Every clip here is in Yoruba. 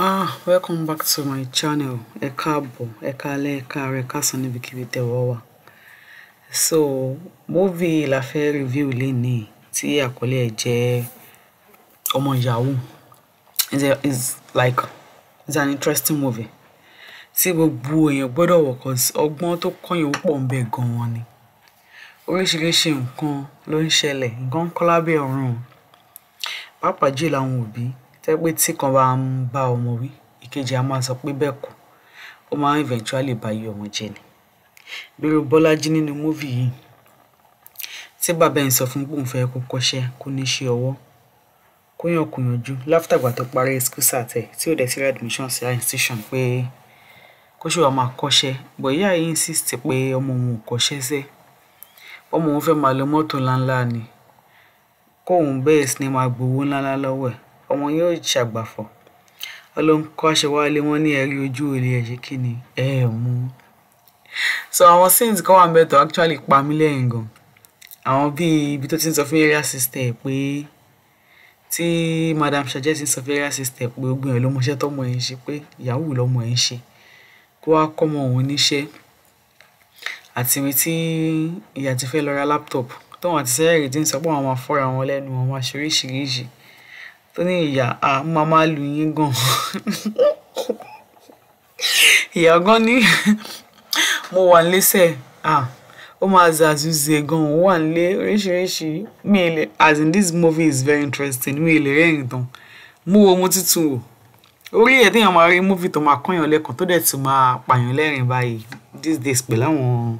ah welcome back to my channel ẹ káàbọ̀ ẹ káalẹ́ ẹ káàárọ̀ ẹ káàsán níbikíbi tẹ́wọ́ wà so movie la fẹ́ review lénìí tí àkọlé ẹ̀ jẹ́ ọmọ yahoo is is like it's an interesting movie tí bo èèyàn gbọ́dọ̀ wọ̀ cause ọgbọ́n tó kọ́yìn pọ̀ ń bẹ gan-an ni oríṣiríṣi nǹkan ló ń ṣẹlẹ̀ nǹkan kọ́lábẹ́ ọ̀run pàápàá jù làwọn òbí tẹ́ pé tí kan bá ń bá ọmọ wí ìkejì á máa sọ pé bẹ́ẹ̀ kọ́ ó máa ń eventually bá yí ọmọ jẹ ni bírú Bọ́lájí nínú múvì yìí tí bàbá ẹ̀ ń sọ fún pòun fẹ́ kó kọ́ṣẹ́ kó níṣẹ́ ọwọ́ kó yàn kó yanjú láfítàgbà tó parí school sàtẹ̀ tí ò dẹ̀ sí admission sí institution pé kó ṣe wàá máa kọ́ṣẹ́ bọ̀ ìyá yìí insist pé ọmọ òun ò kọ́ṣẹ́ sẹ́ ọmọ òun fẹ́ máa lo mọ́tò ńláńlá ni kóun bẹ́ẹ̀ sì ni máa gbowó ńláńlá lọ́wọ́ ẹ̀ ọmọ yín ò ṣàgbàfọ̀ ọlọ́run kó aṣọ wálé wọn ní ẹ̀rí ojú olè ẹ̀ ṣe kí ni ẹ mú so àwọn scenes kan wà ń bẹ tó actually pa mí lẹ́yìn gan àwọn bíi ibi tó ti ń sọ fún area sister ẹ̀ pé tí madam sajẹ́sì sọ fún area sister ẹ̀ pé ogun ẹ̀ ló mọṣẹ́ tọmọ ẹ̀ ń ṣe pé yahoo lọmọ ẹ̀ ń ṣe kó wá kọ́mọ òun níṣẹ́ àti mi tí ìyá ti fẹ́ lọ ra laptop tóun àti sẹ́yìn rèé ti ń sọ pé àwọn máa fọ́ra wọn lẹ́nu àwọn aṣoríṣiríṣi tó ní ìyá a máa máa lu yín gan ìyá gan ni mo wà lẹ́sẹ̀ a ó máa zàzúze gan ó wà nílé oríṣiríṣi mi ilẹ̀ as in this movie is very interesting mi ilẹ̀ rẹ́rìn tán mú wo mo tuntun wò orí ẹ̀ téèyàn máa rí múfì tó máa kọ́yàn lẹ́kàn tó dẹ̀ tún máa pààyàn lẹ́rìn báyìí these days pẹ̀lú àwọn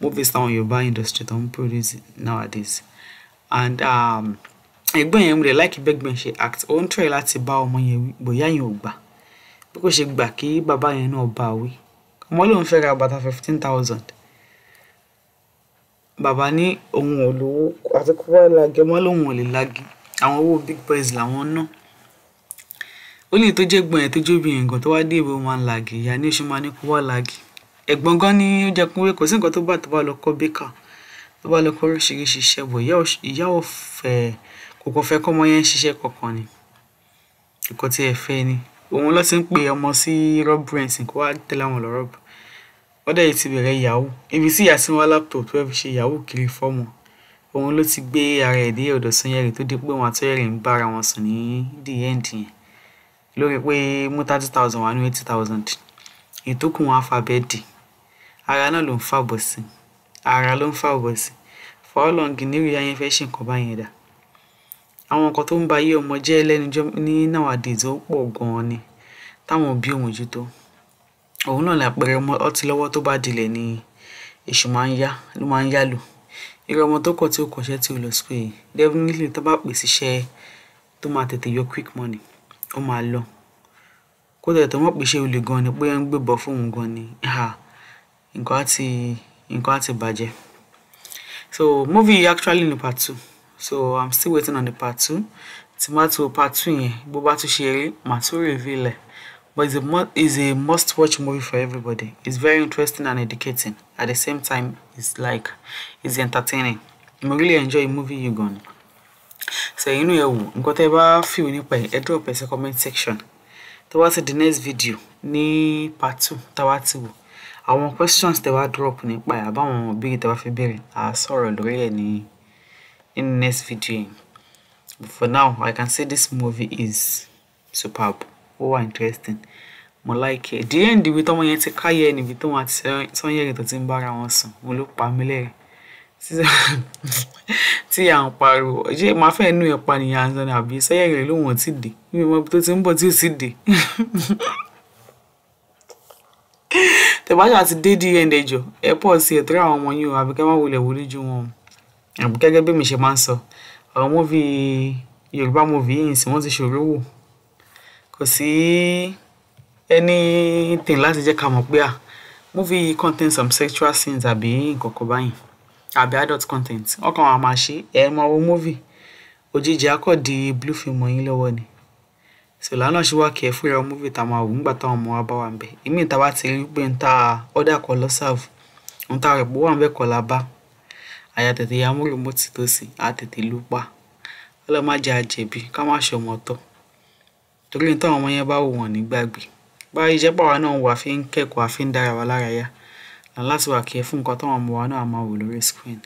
movies táwọn Yorùbá industry tó ń produce nowadays and um, ẹ̀gbọ́n yẹn mo dẹ̀ láìkí bẹ́gbọ́n ṣe act ó ń tẹ̀ láti bá ọmọ yẹn wí bóyá yẹn ò gbà bí kò ṣe gbà kí bàbá yẹn náà bá a wí ọmọ lòun fẹ́ ra bàtà fifteen thousand bàbá ní òun ò lówó àti kó wá ọmọ lòun ò lè lagẹ àwọn owó big boys làwọn ná ó lè tó jẹ́ gbọ́n yẹn tó jóbìnrin gan tó wá dé ìwé wọn lagẹ ìyá ní oṣù máa ní kó wá ẹ̀gbọ́n gan ni ó jẹ́ kúnwé kò sí nǹkan tó bá tó bá lọ kọ́ bíkà tó bá lọ kọ́ oríṣiríṣi iṣẹ́ bọ̀ ìyá ọ̀fẹ́ kò kàn fẹ́ kọ́mọ yẹn ṣiṣẹ́ kankan ni nǹkan tí ẹ fẹ́ ni òun ló ti ń pe ọmọ sí rọ́bù ẹ̀sìn kó wá tẹ̀lé àwọn lọ rọ́bù wọ́n dẹ̀ ti bẹ̀rẹ̀ yahoo ibi tí ìyá sí wọn laptop tó fi ṣe yahoo kiri fọ́ọ̀mù òun ló ti gbé ara ẹ̀ dé ọ̀dọ̀ Sanyẹ̀rì tó di pé wọn àtọ́yẹ̀rì ń bára wọn sùn ní the end yẹn lórí pé mú thirty thousand wà ní eighty thousand ìtókùn wọn afa bẹ́ẹ̀dì ara náà ló ń fàbọ̀ sí ara ló ń fàbọ̀ sí fọlọ́ǹgì nírìí ayẹyẹ fẹ́ ṣe nǹkan báyẹn dáa àwọn nǹkan tó ń ba ayé ọmọ jẹ́ lẹ́nu ní nowadays ó pọ̀ gan-an ni táwọn òbí ò mójútó òun náà làpẹẹrẹ ọmọ ọtí lọ́wọ́ tó bá dilẹ̀ ni èṣù máa ń yá ló máa ń yá lò irú ọmọ tó kọ̀ tí ó kọ̀ṣẹ́ tí ó lọ school yìí definitely tó bá pèsè iṣẹ́ tó máa tètè yọ quick money ó máa lọ kó tẹ̀ tó mọ̀ pèsè olè gan ni pé ń gbébọn fóun gan ni nǹkan á ti nǹkan á ti bàjẹ́ so movie actually ní part two so i'm still waiting on the part two tí má tó part two yẹn bó to share ṣe rí reveal but it's a, it's a must watch movie for everybody it's very interesting and educating at the same time it's like it's entertaining You really enjoy the movie you gan so you know, wò nǹkan tẹ́ bá feel nípa ẹ ẹ drop ẹ sí comment section tó wá the next video Ni part two táwa ti wò àwọn questions tẹ́ wá drop nípa ẹ àbáwọn òbí tẹ́ wá fi béèrè à sọ̀rọ̀ lórí ẹ nìyí in next video for now i can say this movie is superb ó interesting mo like it díẹ̀ ní ibi tọ́mọ yẹn ti káyẹ níbi tó wọn àti sọ́yẹ́rì tó ti ń bára wọn sùn mo ló pa mí lẹ́rìn tí à ń pariwo ṣé màá fẹ́ nú ẹ̀ pa nìyà ń sọ́nà àbí sọ́yẹ́rì rẹ̀ lóun ò tí dé níbi ìmọ̀ tó ti ń bọ̀ tí ò tí dé tẹ̀bájà ti dé díẹ̀ ẹ̀jọ̀ ẹ̀ pọ̀ sí ẹ̀ tó rà àwọn ọmọ yín o àbíkẹ́ má wọlé wọlé ju wọn o gẹ́gẹ́ bí mi ṣe máa ń sọ àwọn múvi yorùbá múvi yìí sì wọ́n ti ṣòro wò kò sí anything láti jẹ́ ká mọ̀ pé à múvi yìí contain some sexual scenes àbí nǹkan kan báyìí àbí adult content wọ́n kàn wá máa ṣe ẹ̀ máa wo múvi òjijì akọ̀ di blue film yín lọ́wọ́ ni sọlá náà ṣe wá kí ẹ fúnra múvì tá a máa wò nígbà táwọn ọmọ wa bá wà ń bẹ ìmí ìta bá ti rí pé ń ta ọ̀dà kan lọ́sàvù ń ta rẹ̀ pé wà ń bẹ̀ kọ́ la bá àyà tètè ya móròmó tì tòsí á tètè lù pa ọlọ́run má jẹ́ àjẹ̀bí ká má ṣọmọ tọ́ torí ní táwọn ọmọ yẹn bá wò wọ́n ní gbàgbé báyìí iṣẹ́ pàwọn náà wà fi ń kẹ́kọ̀ọ́ àfi ń dára wa lára yá and láti wà kí ẹ fún nǹkan táwọn ọmọ wa náà máa wò lórí screen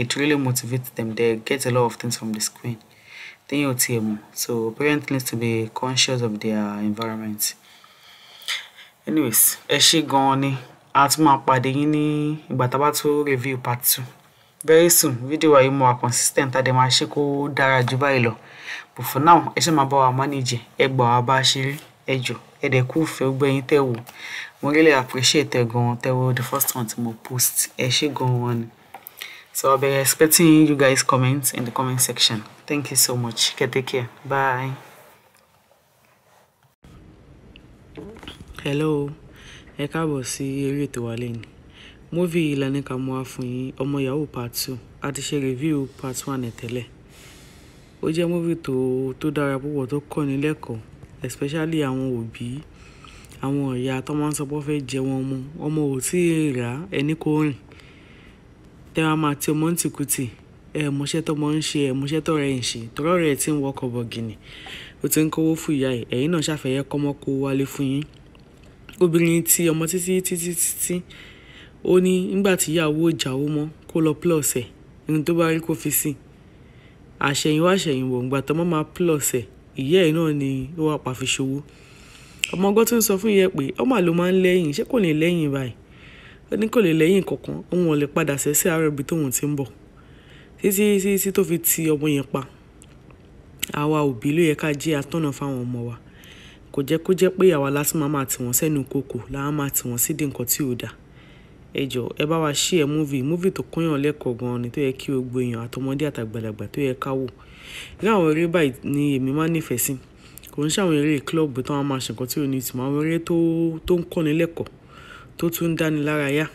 it really motivates them they get a lot of things from the screen téèyàn ò tiẹ̀ mọ̀ so parents need to be conscious of their environment anyways ẹ ṣé gan-an ni a tún máa pàdé yín ní ìgbà tá a bá tó review part two very soon fídíò wa yìí mọ wa consistent a dẹ̀ máa ṣe kó dára jù báyìí lọ but for now ẹ ṣe máa bá wa manage ẹ gbà wá bá a ṣe rí ẹ jọ ẹ dẹ̀ kú ìfẹ́ gbẹ̀yìn tẹ̀ wò mo really appreciate ẹ gan tẹ̀ wò the first one tí mo post ẹ ṣe gan wọn ni so I'll be expecting you guys comments in the comment section thank you so much okay, take care bye. hello ẹ káàbọ̀ sí eré ètò wa lẹ́yìn. Movie yìí la ní ká mú wá fún yín, Ọmọ Yahoo Part 2. A ti ṣe review Part 1 ẹ̀ tẹ́lẹ̀. Ó jẹ́ movie tó, tó dára púpọ̀ tó kọ́ni lẹ́kọ̀ọ́ especially àwọn òbí, àwọn ìyá tó máa ń sọ pé wọ́n fẹ́ jẹ wọn ọmọ, ọmọ ò tí ì rà ẹni kó rìn. Tẹ́ wá máa ti ọmọ ń tìkùtì, ẹ mọṣẹ́ tọmọ ń ṣe, ẹ mọṣẹ́ tọ̀rẹ́ ẹ̀ ń ṣe, tọ̀rẹ́ rẹ̀ tí ń wọkọ̀ bọ̀gìnì, ó ti ń kówó fún ìyá ẹ̀, ẹ̀yin náà ṣàfẹ́yẹ́ kọ́mọ kó wálé fún yín. Obìnrin ti ọmọ títí títí títí ó ní nígbà tí ìyàwó ìjàwó mọ́ kó lọ plus ẹ̀ ní tó bá rí kó fi sí àṣẹ̀yìnwá àṣẹ̀yìnwó ìgbà tó mọ́ máa plus ẹ̀ ìyá ẹ̀ náà ni ó wà pàfiṣòwò ọmọ ọgọ́ tó ń sọ fún ìyá ẹ̀ pé ọmọ àlọ́ máa ń lẹ́yìn ṣé kò ní lẹ́yìn báyìí ó ní kò lè lẹ́yìn kankan òun ò lè padà sẹ́sẹ́ àárọ̀ ibi tóun ti ń bọ̀ títí títí tó fi ti ọmọ yẹn pa àwa òbí ló yẹ ká jẹ́ atọ́nà fáwọn ọmọ wa kò jẹ́ kó jẹ́ pé àwa lásán máa máa tì wọ́n sẹ́nu kòkò làwọn máa tì wọ́n sídìí nǹkan tí ò dáa ẹ jọ̀ọ́ ẹ bá wa ṣí ẹ múvì múvì tó kọ́yàn lẹ́kọ̀ọ́ gan ni tó yẹ kí gbogbo èèyàn àtọmọdé àtàgbàlagbà tó yẹ ká wò ní àwọn eré báyìí ni èmi máa nífẹ̀ẹ́ sí kò ń ṣàwọn eré kílọ̀bù tó máa ṣe nǹkan tí ò ní ìtumọ̀ àwọn eré tó ń kọ́ni lẹ́kọ̀ọ́ tó tún ń dáni lára yá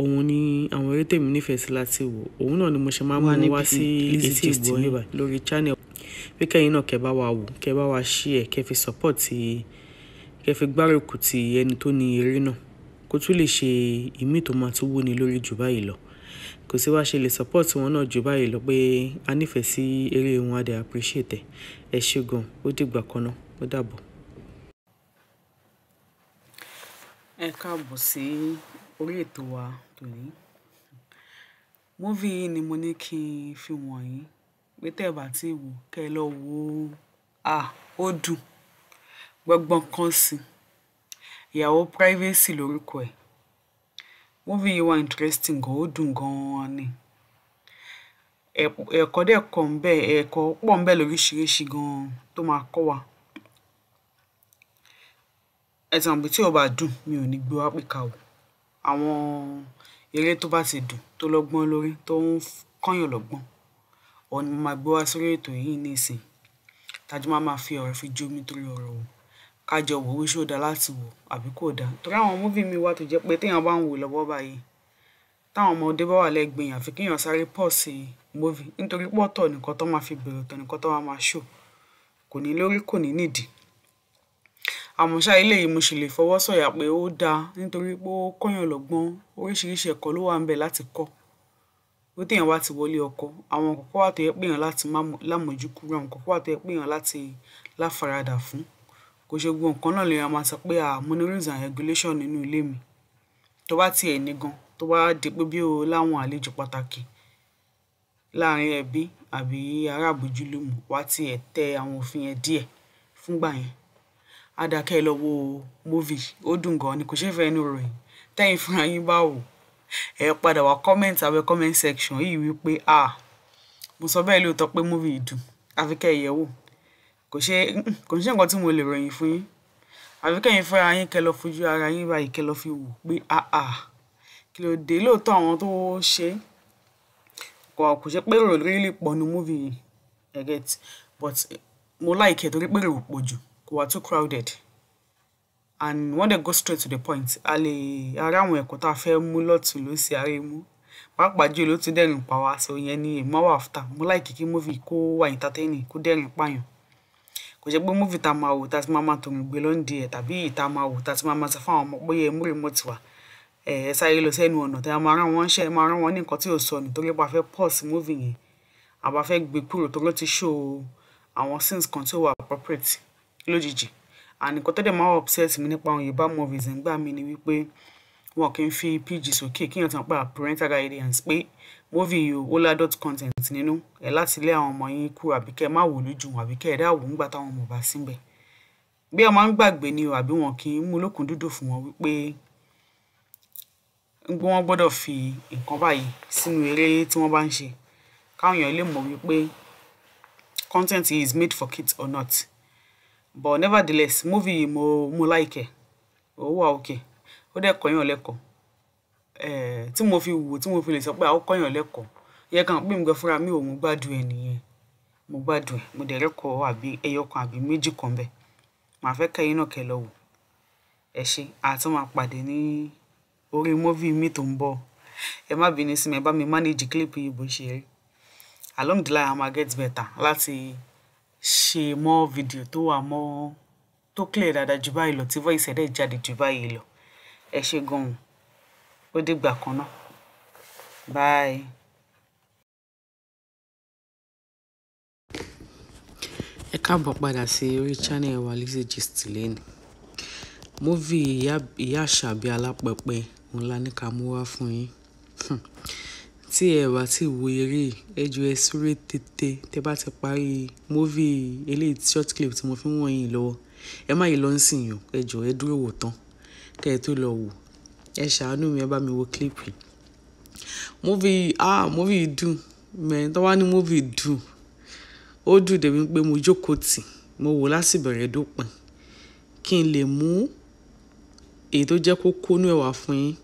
òun ni àwọn eré tèmi nífẹ̀ẹ́ sí láti wò òun náà ni mo ṣe máa ń mú wá sí lórí channel pé kẹ́yìn náà kẹ́ bá wa wò kẹ́ bá wa ṣí ẹ̀ kẹ́ fi support kẹ́ fi gbárùkù ti ẹni tó ni eré náà kó tún lè ṣe ìmí tó máa tún wúni lórí jù báyìí lọ kò sí wá ṣe lè support wọn náà jù báyìí lọ pé a nífẹ̀ẹ́ sí eré wọn a dẹ̀ appreciate ẹ̀ ẹ ṣé gan ó dìgbà kan náà ó dàbọ̀. ẹ káàbọ̀ sí orí ètò wa tòní múvì ni mo ní kí n fi wọ̀nyí pé tẹ́ ẹ bá ti wò kẹ́ ẹ lọ wò ó dùn gbọ́ngbọ́n kan sí i ìyàwó privacy lórúkọ ẹ̀ movie yìí wà interesting gan ó dùn gan-an ni ẹ̀kọ́ dẹ̀ kọ́ ń bẹ ẹ̀kọ́ pọ̀ ń bẹ lóríṣiríṣi gan-an tó máa kọ́ wa ẹ̀sán àbí tí ò bá dùn mi ò ní gbé wá pé ká wò àwọn eré tó bá ti dùn tó lọ́gbọ́n lórí tó ń kọ́yàn lọ́gbọ́n ọ̀nà máa gbé wá sórí ètò yìí nísìnyí tájú máa máa fi ọ̀rọ̀ fi jómi torí ọ̀rọ̀ wò ká jọ wò wí ṣó dáa láti wò àbí kò dáa torí àwọn múvì mi wá tó jẹ́ pé téèyàn bá ń wò lọ́wọ́ báyìí táwọn ọmọdé bá wà lẹ́gbẹ̀ẹ́ yàn àfi kéèyàn sáré pọ̀ sí múvì nítorí pọ̀ tọ̀ nìkan tó máa fi bẹ̀rẹ̀ tọ̀ nìkan tó máa ṣò kò ní lórí kò ní nídìí àmọ́ ṣá ilé yìí mo sì lè fọwọ́ sọ̀yà pé ó dáa nítorí pé ó kọ́yàn lọ́gbọ́n oríṣiríṣi ẹ̀kọ́ ló wà ń bẹ̀ láti kọ́ ó téèyàn wá ti wọlé ọkọ àwọn kọ̀kọ́ wà tó yẹ pé èèyàn láti lámọ̀jú kúrò àwọn kọ̀kọ́ wà tó yẹ pé èèyàn láti láfaradà fún kò ṣe gbogbo nǹkan náà lèèyàn máa sọ pé à mo ní rules and regulation nínú ilé mi tó bá tiẹ̀ ní gan tó bá di pé bí o láwọn àlejò pàtàkì láàrin ẹbí àbí ará àbójúlùmọ̀ wá tiẹ̀ tẹ àwọn òfin yẹn díẹ̀ fúngbà yẹn á dákẹ́ lọ wo movie ó dùn gan ni kò ṣe é fẹ́ ẹnu ròyìn tẹ́yìn fúnra yín bá wò ẹ padà wá comment abẹ́ comment section yìí wípé ah mo sọ bẹ́ẹ̀ lóòótọ́ pé movie dùn àfikẹ́ ẹ̀yẹ́wò kò ṣe kò ṣe nǹkan tí mo lè ròyìn fún yín àfi kẹ́yìn fúnra yín kẹ́ lọ fojú ara yín báyìí kẹ́ lọ fi wò pé àà kí ló dé lóòótọ́ àwọn tó ṣe kò kò ṣe pé rò rí pọ̀ nu múvì yìí I get but mo like ẹ̀ torí pé rò pọ̀ jù kò wá too crowded and wọ́n dẹ̀ go straight to the point a lè ara àwọn ẹ̀kọ́ tá a fẹ́ mú lọ́tún ló sì ara mú pàápàá jù ló tún dẹ̀rìn pa wá so ìyẹn ni èmi wà after mo like kí múvì kó wà entertaining kó dẹ̀rìn pààyàn kò jẹ́ pé múfì tá a máa wò tá a ti máa máa tòun gbé lóńdì ẹ̀ tàbí ìta máa wò tá a ti máa máa sọ fún àwọn ọmọ pé ẹ mú rìmọ́tì ẹ ẹ sáré lọ sẹ́nu ọ̀nà tí a máa rán wọn ṣe máa rán wọn ní nǹkan tí ò sọ nítorí pé a fẹ́ pause múfì yẹn àbá fẹ́ gbé kúrò tó ló ti show àwọn scenes kan tí ó wà appropriate lójijì and nǹkan tó dẹ̀ máa upset mi nípa àwọn Yorùbá movies ń gbà mí ni wípé wọn kì í fi PG sókè kí èèyàn tàn pa parental guidance pé movie o ó ládọ́t content nínú ẹ láti lé àwọn ọmọ yín kú àbí kẹ má wò lójú wọn àbí kẹ ẹ dáwò ńgbà táwọn ọmọ bá síbẹ̀ bí ẹ ń gbàgbé ni o àbí wọn kì í mú lókun dúdú fún wọn wípé wọn gbọ́dọ̀ fi nǹkan báyìí sínú eré tí wọ́n bá ń ṣe káwọn èèyàn lè mọ̀ wípé content is made for kids or not but nevertheless movie mo mo like ẹ ó okay ó dẹ̀ kọ́yàn lẹ́kọ̀ọ́ Eh, tí mo fi wò tí mo fi lè sọ pé àwọn kọ́yàn lẹ́kọ̀ọ́ yẹ kàn pé mi gan fúnra mi ò mo gbádùn ẹ nìyẹn mo gbádùn ẹ mo dẹ̀ rẹ́kọ̀ọ́ àbí ẹyọ kan àbí méjì kan bẹ́ẹ̀ màá fẹ́ kẹ́yìn náà kẹ́ lọ wò ẹ ṣe àtún máa pàdé ní orí móvì mi tó ń bọ̀ ẹ má bínú sí mi ẹ bá mi manage clip yìí bó ṣe rí along the line i ma get better láti ṣe more video tó wà more tó clear dáadáa jù báyìí lọ tí voice ẹ̀ dẹ̀ jáde jù báyìí lọ ẹ ṣe gan-an ó dìgbà kan náà bye. ẹ káàbọ̀ padà sí orí channel wa Lizzy Gist lẹ́nu múvì ìyá àṣàbí alápẹpẹ ńlá ní ká mú wá fún yín hmm. tí ẹ wá tí wo eré ẹ ju ẹ súré tètè tẹ bá ti parí múvì eléyìí short clip tí mo fi ń wọ̀nyí lọ́wọ́ ẹ má yìí lọ ń sìn yàn ẹ jọ ẹ dúró wò tán kẹ ẹ tó lọ wò ẹ ṣàánú mi ẹ bá mi wo clip yìí múvi ah múvi dùn mẹ́rin tó wá ní múvi dùn ó dùn débi pé mo jókòó tì mo wò lásìbẹ̀rẹ̀ dópin kí n lè mú èyí tó jẹ́ kókó nú ẹ̀ wá fún yín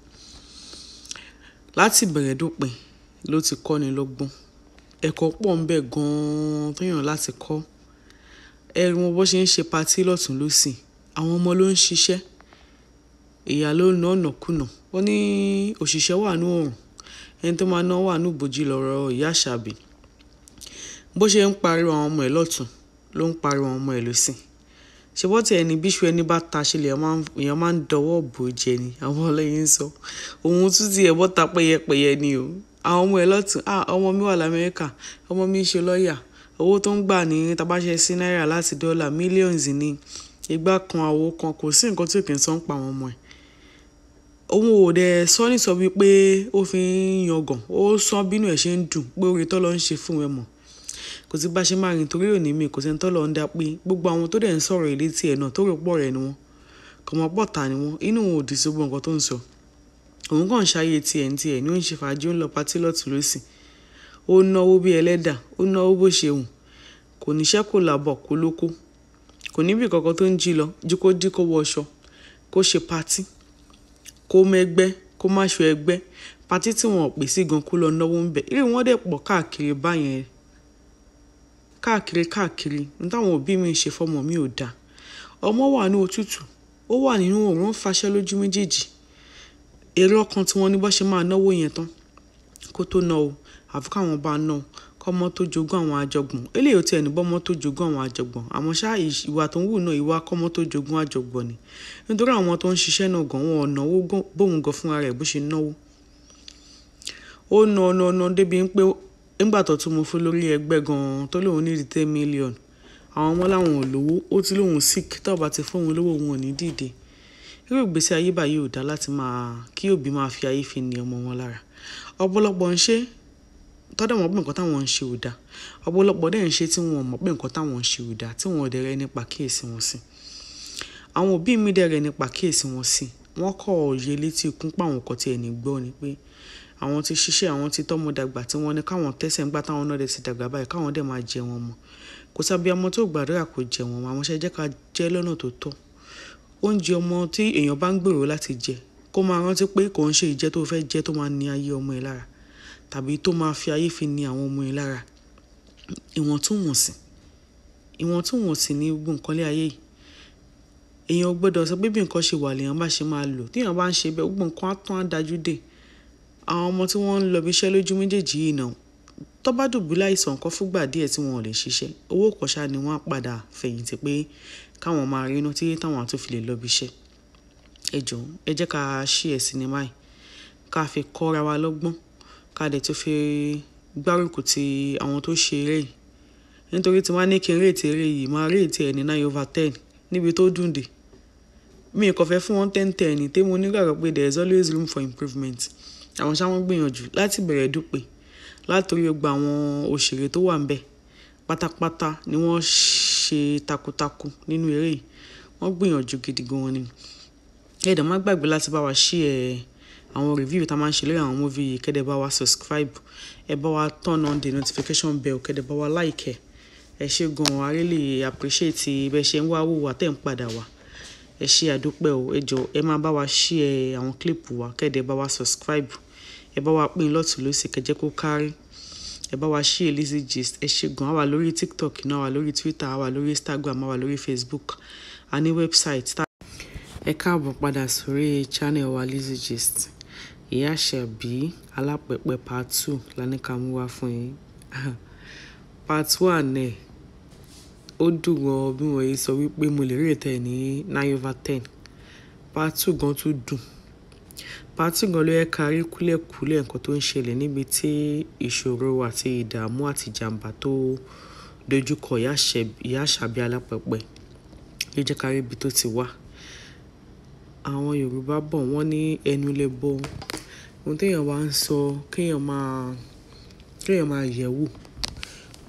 láti bẹ̀rẹ̀ dópin ló ti kọ́ni lọ́gbọ́n ẹ̀kọ́ pọ̀ ń bẹ gan-an tó yàn láti kọ́ ẹ̀rù wọn bó ṣe ń ṣe patí lọ́tún lọ́sìn àwọn ọmọ ló ń ṣiṣẹ́ ìyà ló ń na ọ̀nàkùnà ó ní òṣìṣẹ́ wà ní òòrùn ẹni tó máa ná wà ní ìbòjì lọ́rọ̀ ìyá àṣàbí bó ṣe ń pariwo àwọn ọmọ ẹ̀ lọ́tún ló ń pariwo àwọn ọmọ ẹ̀ lọ́sìn ṣe bọ́ tiẹ̀ ní bíṣu ẹni bá ta ṣe èèyàn máa ń dọwọ́ bò jẹ ni àwọn ọlọ́yin ń sọ òun tún ti ẹ̀bọ́ ta pẹ́yẹpẹ́yẹ ni o àwọn ọmọ ẹ̀ lọ́tún ah ọmọ mi wà lamẹ́ríkà ọmọ mi ń ṣe lọ́ọ̀yà owó tó ń gbà ní tabáṣe sí náírà láti dọ́là mílíọ̀nù ní ìgbà kan àwo kan kò sí nǹkan tí òkè ń sọ ń pa àwọn ọmọ ẹ̀ òun ò dẹ̀ sọ ní sọ wípé ó fi ń yangàn ó sọ bínú ẹ̀ ṣe ń dùn pé orin tọ́lọ́ ń ṣe fún ẹ mọ̀ kò sí bá ṣe máa rìn torí òní mi kò sẹ́ni tọ́lọ́ ń dá pé gbogbo àwọn tó dẹ̀ ń sọ̀rọ̀ èlé tiẹ̀ náà tó rò pọ̀ rẹ̀ ni wọ́n kọ̀mọ́ pọ̀ ta ni wọ́n inú òun ò dì sí gbogbo nǹkan tó ń sọ òun kàn ń ṣayé tiẹ̀ ń tiẹ̀ ní ó ń ṣe fàájì ń lọ patí lọ́tún lọ́sì ó náwó bí ẹlẹ́dà ó náwó bó ṣe hùn kò níṣẹ́ kò làbọ̀ kó lóko kò níbi kankan tó ń jí lọ jí kó dí kó wọṣọ kó ṣe patí kó mẹ́gbẹ́ kó máṣọ ẹgbẹ́ patí tí wọn ò pè sí gan kó lọ náwó ń bẹ eré wọn dẹ̀ pọ̀ káàkiri báyẹn káàkiri káàkiri ní táwọn òbí mi ṣe fọmọ mi ò dáa ọmọ wà ní òtútù ó wà nínú òórùn ń faṣẹ́ lójú méjèèjì èrò ọkàn tí wọ́n ní bó ṣe máa náwó yẹn tán kó tó ná o àfi káwọn bá ná kọ́mọ tó jogún àwọn àjọgbọ̀n eléyìí ò tiẹ̀ ní bọ́mọ tó jogún àwọn àjọgbọ̀n àmọ́ ṣá ìwà tó ń wù náà ìwà kọ́mọ tó jogún àjọgbọ̀n ni nítorí àwọn tó ń ṣiṣẹ́ náà gan wọn ọ̀nàwó bóun gan fúnra rẹ̀ bó ṣe náwó ó na ọ̀nà ọ̀nà débi pé nígbà tó tún mo fún lórí ẹgbẹ́ gan-an tó lóun ní di ten million àwọn ọmọ láwọn ò lówó ó ti lóun sick tọ́ọ̀bà ti fóun lówó òun ò ní dìde irú ìgbésí ayé báyìí ò dá láti máa kí òbí máa fi ayé fi ní ọmọ wọn lára ọ̀pọ̀lọpọ̀ ń ṣe tọ́dọ̀ wọn pé nǹkan táwọn ń ṣe ò dáa ọ̀pọ̀lọpọ̀ dẹ̀ ń ṣe tí wọn mọ̀ pé nǹkan táwọn ń ṣe ò dáa tí wọn ò dẹ̀rẹ̀ nípa kíyèsí wọn sí àwọn òbí mi dẹ̀rẹ̀ nípa kíyèsí wọn sí wọn kọ̀ òye létí ikún páwọn kan tí ẹni gbọ́ ni pé àwọn ti ṣiṣẹ́ àwọn ti tọ́mọ dàgbà tí wọ́n ní káwọn tẹ́sẹ̀ ń gbá táwọn náà dẹ̀ ti dàgbà báyìí káwọn dẹ̀ máa jẹ wọn mọ́ kò sábẹ́ ọmọ tó gbàdúrà kò jẹ wọn mọ́ àwọn ṣe ká jẹ́ lọ́nà tó tọ́ oúnjẹ ọmọ tí èèyàn bá ń gbèrò láti jẹ kó máa rántí pé kò ń ṣe ìjẹ tó fẹ́ jẹ tó máa ní ayé ọmọ ẹ lára tàbí tó máa fi ayé fi ni àwọn ọmọ yẹn lára ìwọ̀ntúnwọ̀nsì ìwọ̀ntúnwọ̀nsì ni gbogbo nǹkan lé ayé yìí èèyàn gbọ́dọ̀ sọ pé bí nǹkan ṣe wà lèèyàn bá ṣe máa lò téèyàn bá ń ṣe bẹ́ẹ̀ gbogbo nǹkan á tán á dájú dé àwọn ọmọ tí wọ́n ń lọ ibiṣẹ́ lójú méjèèjì yìí náà tó láìsàn kan fúngbà díẹ̀ tí wọn ò lè ṣiṣẹ́ owó kọ̀ṣà ni wọ́n á padà fẹ̀yìntì pé káwọn máa rí inú tí táwọn àtún fi lè lọ ibiṣẹ́ ẹ jọ̀ọ́ ẹ jẹ́ ká ṣí ẹ̀ sinimá yìí ká fi kọ́ra wa lọ́gbọ́n ká dẹ̀ tó fi gbárùkù ti àwọn tó ṣe eré yìí nítorí tí wọ́n á ní kí n rèétí eré yìí máa rèétí ẹ̀ ní nine over ten níbi tó dùn dé mi kàn fẹ́ fún wọn ten ten tí mo nígbàgbọ́ pé there is always room for improvement àwọn sáwọn gbìyànjú láti bẹ̀rẹ̀ dúpẹ́ látòrí gbogbo àwọn òṣèré tó wà ń bẹ̀ pátápátá ni wọ́n ṣe takuntakun nínú eré yìí wọ́n gbìyànjú gidi gan-an ni ẹ̀dọ̀ má gbàgbé láti bá wa ṣí ẹ̀ àwọn review tá a máa ń ṣe lórí àwọn movie yìí kẹ́dẹ̀ bá wa subscribe ẹ bá wa turn on the notification bell kẹ́dẹ̀ bá wa like ẹ̀ ẹ ṣe gan a really appreciate bẹ́ ṣe ń wá wò wá tẹ̀ ń padà wá ẹ ṣe àdúpẹ́ o ẹ jọ ẹ máa bá wa share àwọn clip wa kẹ́dẹ̀ bá wa subscribe ẹ bá wa pín lọ́tún lọ́sì kẹjẹ́ kó kárí ẹ bá wa share Lizzy Gist ẹ ṣe gan-an a wà lórí tiktok náà a wà lórí twitter a wà lórí instagram a wà lórí facebook a ní website ẹ káàbọ̀ padà sórí channel wa Lizzy Gist. Ìyá Àṣàbí Alápẹ̀pẹ̀ Part Two la ní ká mú wá fún yín. Part One ẹ̀ ó dùn gan bí wọ́n yìí sọ wípé mo lè rí ètẹ̀ ní nine over ten. Part Two gan tún dùn. Part Two gan ló yẹ ká rí kúlẹ̀kúlẹ̀ nǹkan tó ń ṣẹlẹ̀ níbi tí ìṣòro àti ìdààmú àti ìjàmbá tó dojúkọ Ìyá Àṣàbí Alápẹ̀pẹ̀ ló jẹ́ ká rí ibi tó ti wá. Àwọn Yorùbá bọ̀ wọ́n ní ẹnu lẹ́bọ ohun téèyàn wá ń sọ kéèyàn máa kéèyàn máa yẹ̀ wò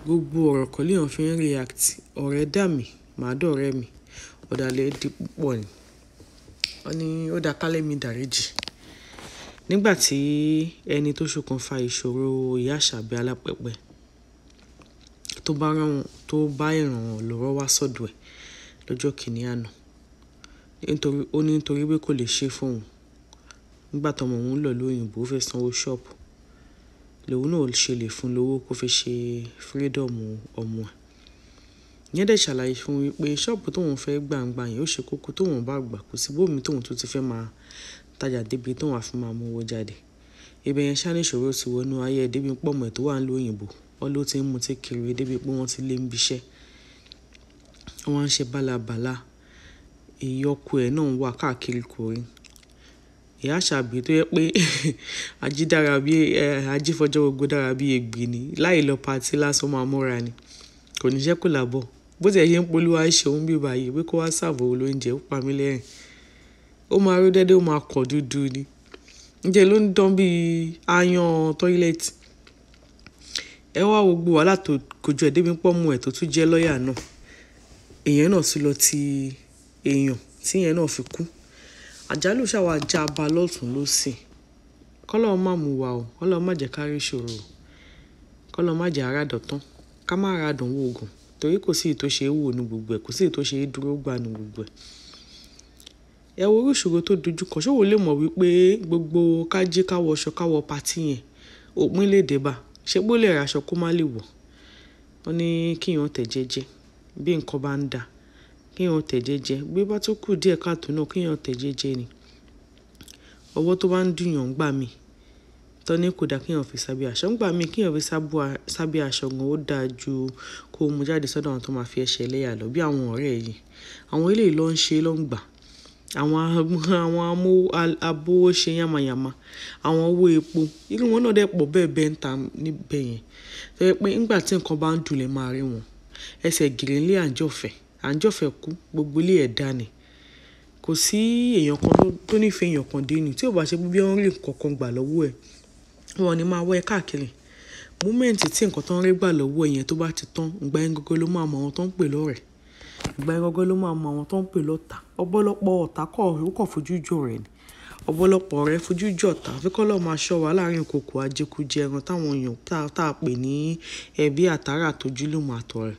gbogbo ọ̀rọ̀ kan léèyàn fi ń react ọ̀rẹ́ dà mí màá dọ̀rẹ́ mi ọ̀dàlẹ̀ di púpọ̀ ni wọ́n ní ó dá kálẹ̀ mi dáríjì nígbà tí ẹni tó ṣokùnfà ìṣòro ìyá àṣàbí alápẹ̀pẹ̀ tó bá rán tó bá ìrànwọ́ lọ́rọ́ wá sọ́dọ̀ ẹ̀ lọ́jọ́ kìíní àná ó ní nítorí pé kò lè ṣe fóun nígbà tọmọ òun lọ lóyìnbó fẹ́ sanwó ṣọ́ọ̀bù lòun náà ṣe lè fún lówó kó fi ṣe fírídọ̀mù ọmọ ẹ̀ ìyẹn dẹ̀ ṣàlàyé fún mi pé ṣọ́ọ̀bù tóun fẹ́ gbàǹgbà yẹn ó ṣe kókó tóun bá gbà kó sí bómi tóun tún ti fẹ́ máa tajà débi tóun àfi máa mú owó jáde ibẹ̀ yẹn ṣáà níṣòro ti wọnú ayé ẹ̀ débi pọ̀mọ̀ ẹ̀ tó wà ń lo òyìnbó wọn ló ti ń mutí kiri débi pé wọ́n ti lé ń biṣẹ́ wọ́n á ń ṣe bálabàla ìyọkù ẹ̀ náà wà káàkiri kòrin Ìyá Àṣàbí tó jẹ́ pé ají dára bí ají fọjọ́ gbogbo dára bí egbì ni láì lọ patí lásán máa múra ni kò ní ṣẹ́ kò lábọ̀ bó tiẹ̀ ṣe ń polówó àìṣeun bí báyìí pé kó wá ṣàbò olóúnjẹ ó pa mí lẹ́rìn ó máa ró dẹ́dẹ́ ó máa kọ̀ dúdú ni ǹjẹ́ ló ń dán bíi aáyán tọ́ílẹ̀tì ẹ wá gbogbo wàhálà tó kojú ẹ̀ débi pọ́ mu ẹ̀ tó tún jẹ́ lọ́ọ̀yà náà èèyàn náà tún lọ ti èèyàn tí náà fi kú àjálù ṣàwà já ba lọ́tún lọ́sì kọ́lọ́ọ̀ má mú wa o kọ́lọ́ọ̀ má jẹ́ kárí ìṣòro o kọ́lọ́ọ̀ má jẹ́ aráàdọ̀ tán ká má ra àdánwò oògùn torí kò sí ìtò ṣe é wò ní gbogbo ẹ̀ kò sí ìtò ṣe é dúró gbà ní gbogbo ẹ̀ ẹ wo oríṣiríṣi tó dojú kọ ṣòwò lè mọ̀ wípé gbogbo kájí káwọ ọṣọ káwọ patí yẹn òpin lè dé bá ṣé bó lè kó má lè wọ̀ wọ́n ní kíyàn tẹ̀ jẹ́jẹ́ bí nǹkan bá ń dáa kéèyàn tẹ̀jẹ̀ jẹ bí ó bá tó kù díẹ̀ káàtó náà kéèyàn tẹ̀jẹ̀ jẹ ni ọwọ́ tó bá ń dùnyàn gbà mí tọ́ni kò dá kéèyàn fi sábẹ́ aṣọ ńgbà mí kéèyàn fi sábẹ́ aṣọ gan ó dáa ju kó o mú jáde sọ́dọ̀ àwọn tó máa fi ẹsẹ̀ ẹlẹ́yà lọ bí àwọn ọ̀rẹ́ yìí àwọn eléyìí ló ń ṣe ló ń gbà àwọn àwọn abówó ṣe yamayama àwọn owó epo irú wọn náà dẹ̀ pọ̀ bẹ́ẹ̀ bẹ́ẹ̀ ń ta níbẹ̀ yẹn tó pé ńgbà tí nǹkan bá ń dùn lẹ́ máa rí wọn ẹsẹ̀ gèrè ńlẹ́ à ń jọ̀fẹ́ kú gbogbo ilé ẹ̀ dá ni kò sí èèyàn kan tó nífẹ̀ẹ́ èèyàn kan dé ni tí ò bá ṣe bí wọ́n rí nǹkan gbà lọ́wọ́ ẹ̀ wọn ni máa wọ́ ẹ káàkiri múmẹ́ǹtì tí nǹkan tó ń rí gbà lọ́wọ́ ẹ̀yẹn tó bá ti tán ìgbà yẹn gógó ló máa mọ àwọn tó ń pè lọ́rẹ̀ ìgbà yẹn gógó ló máa mọ àwọn tó ń pè lọ́tà ọ̀pọ̀lọpọ̀ ọ̀tá kọ̀ ó kọ̀ fojú jọ rẹ̀ ni ọ̀pọ̀lọpọ̀ rẹ̀ fojú jọ ọ̀tá fíkọ́ máa ṣọ́ wa láàrin kòkò ajẹkujẹ ẹran táwọn èèyàn tá a pè ní ẹbí àtàrà àtojúlùmọ̀ àtọ̀rẹ̀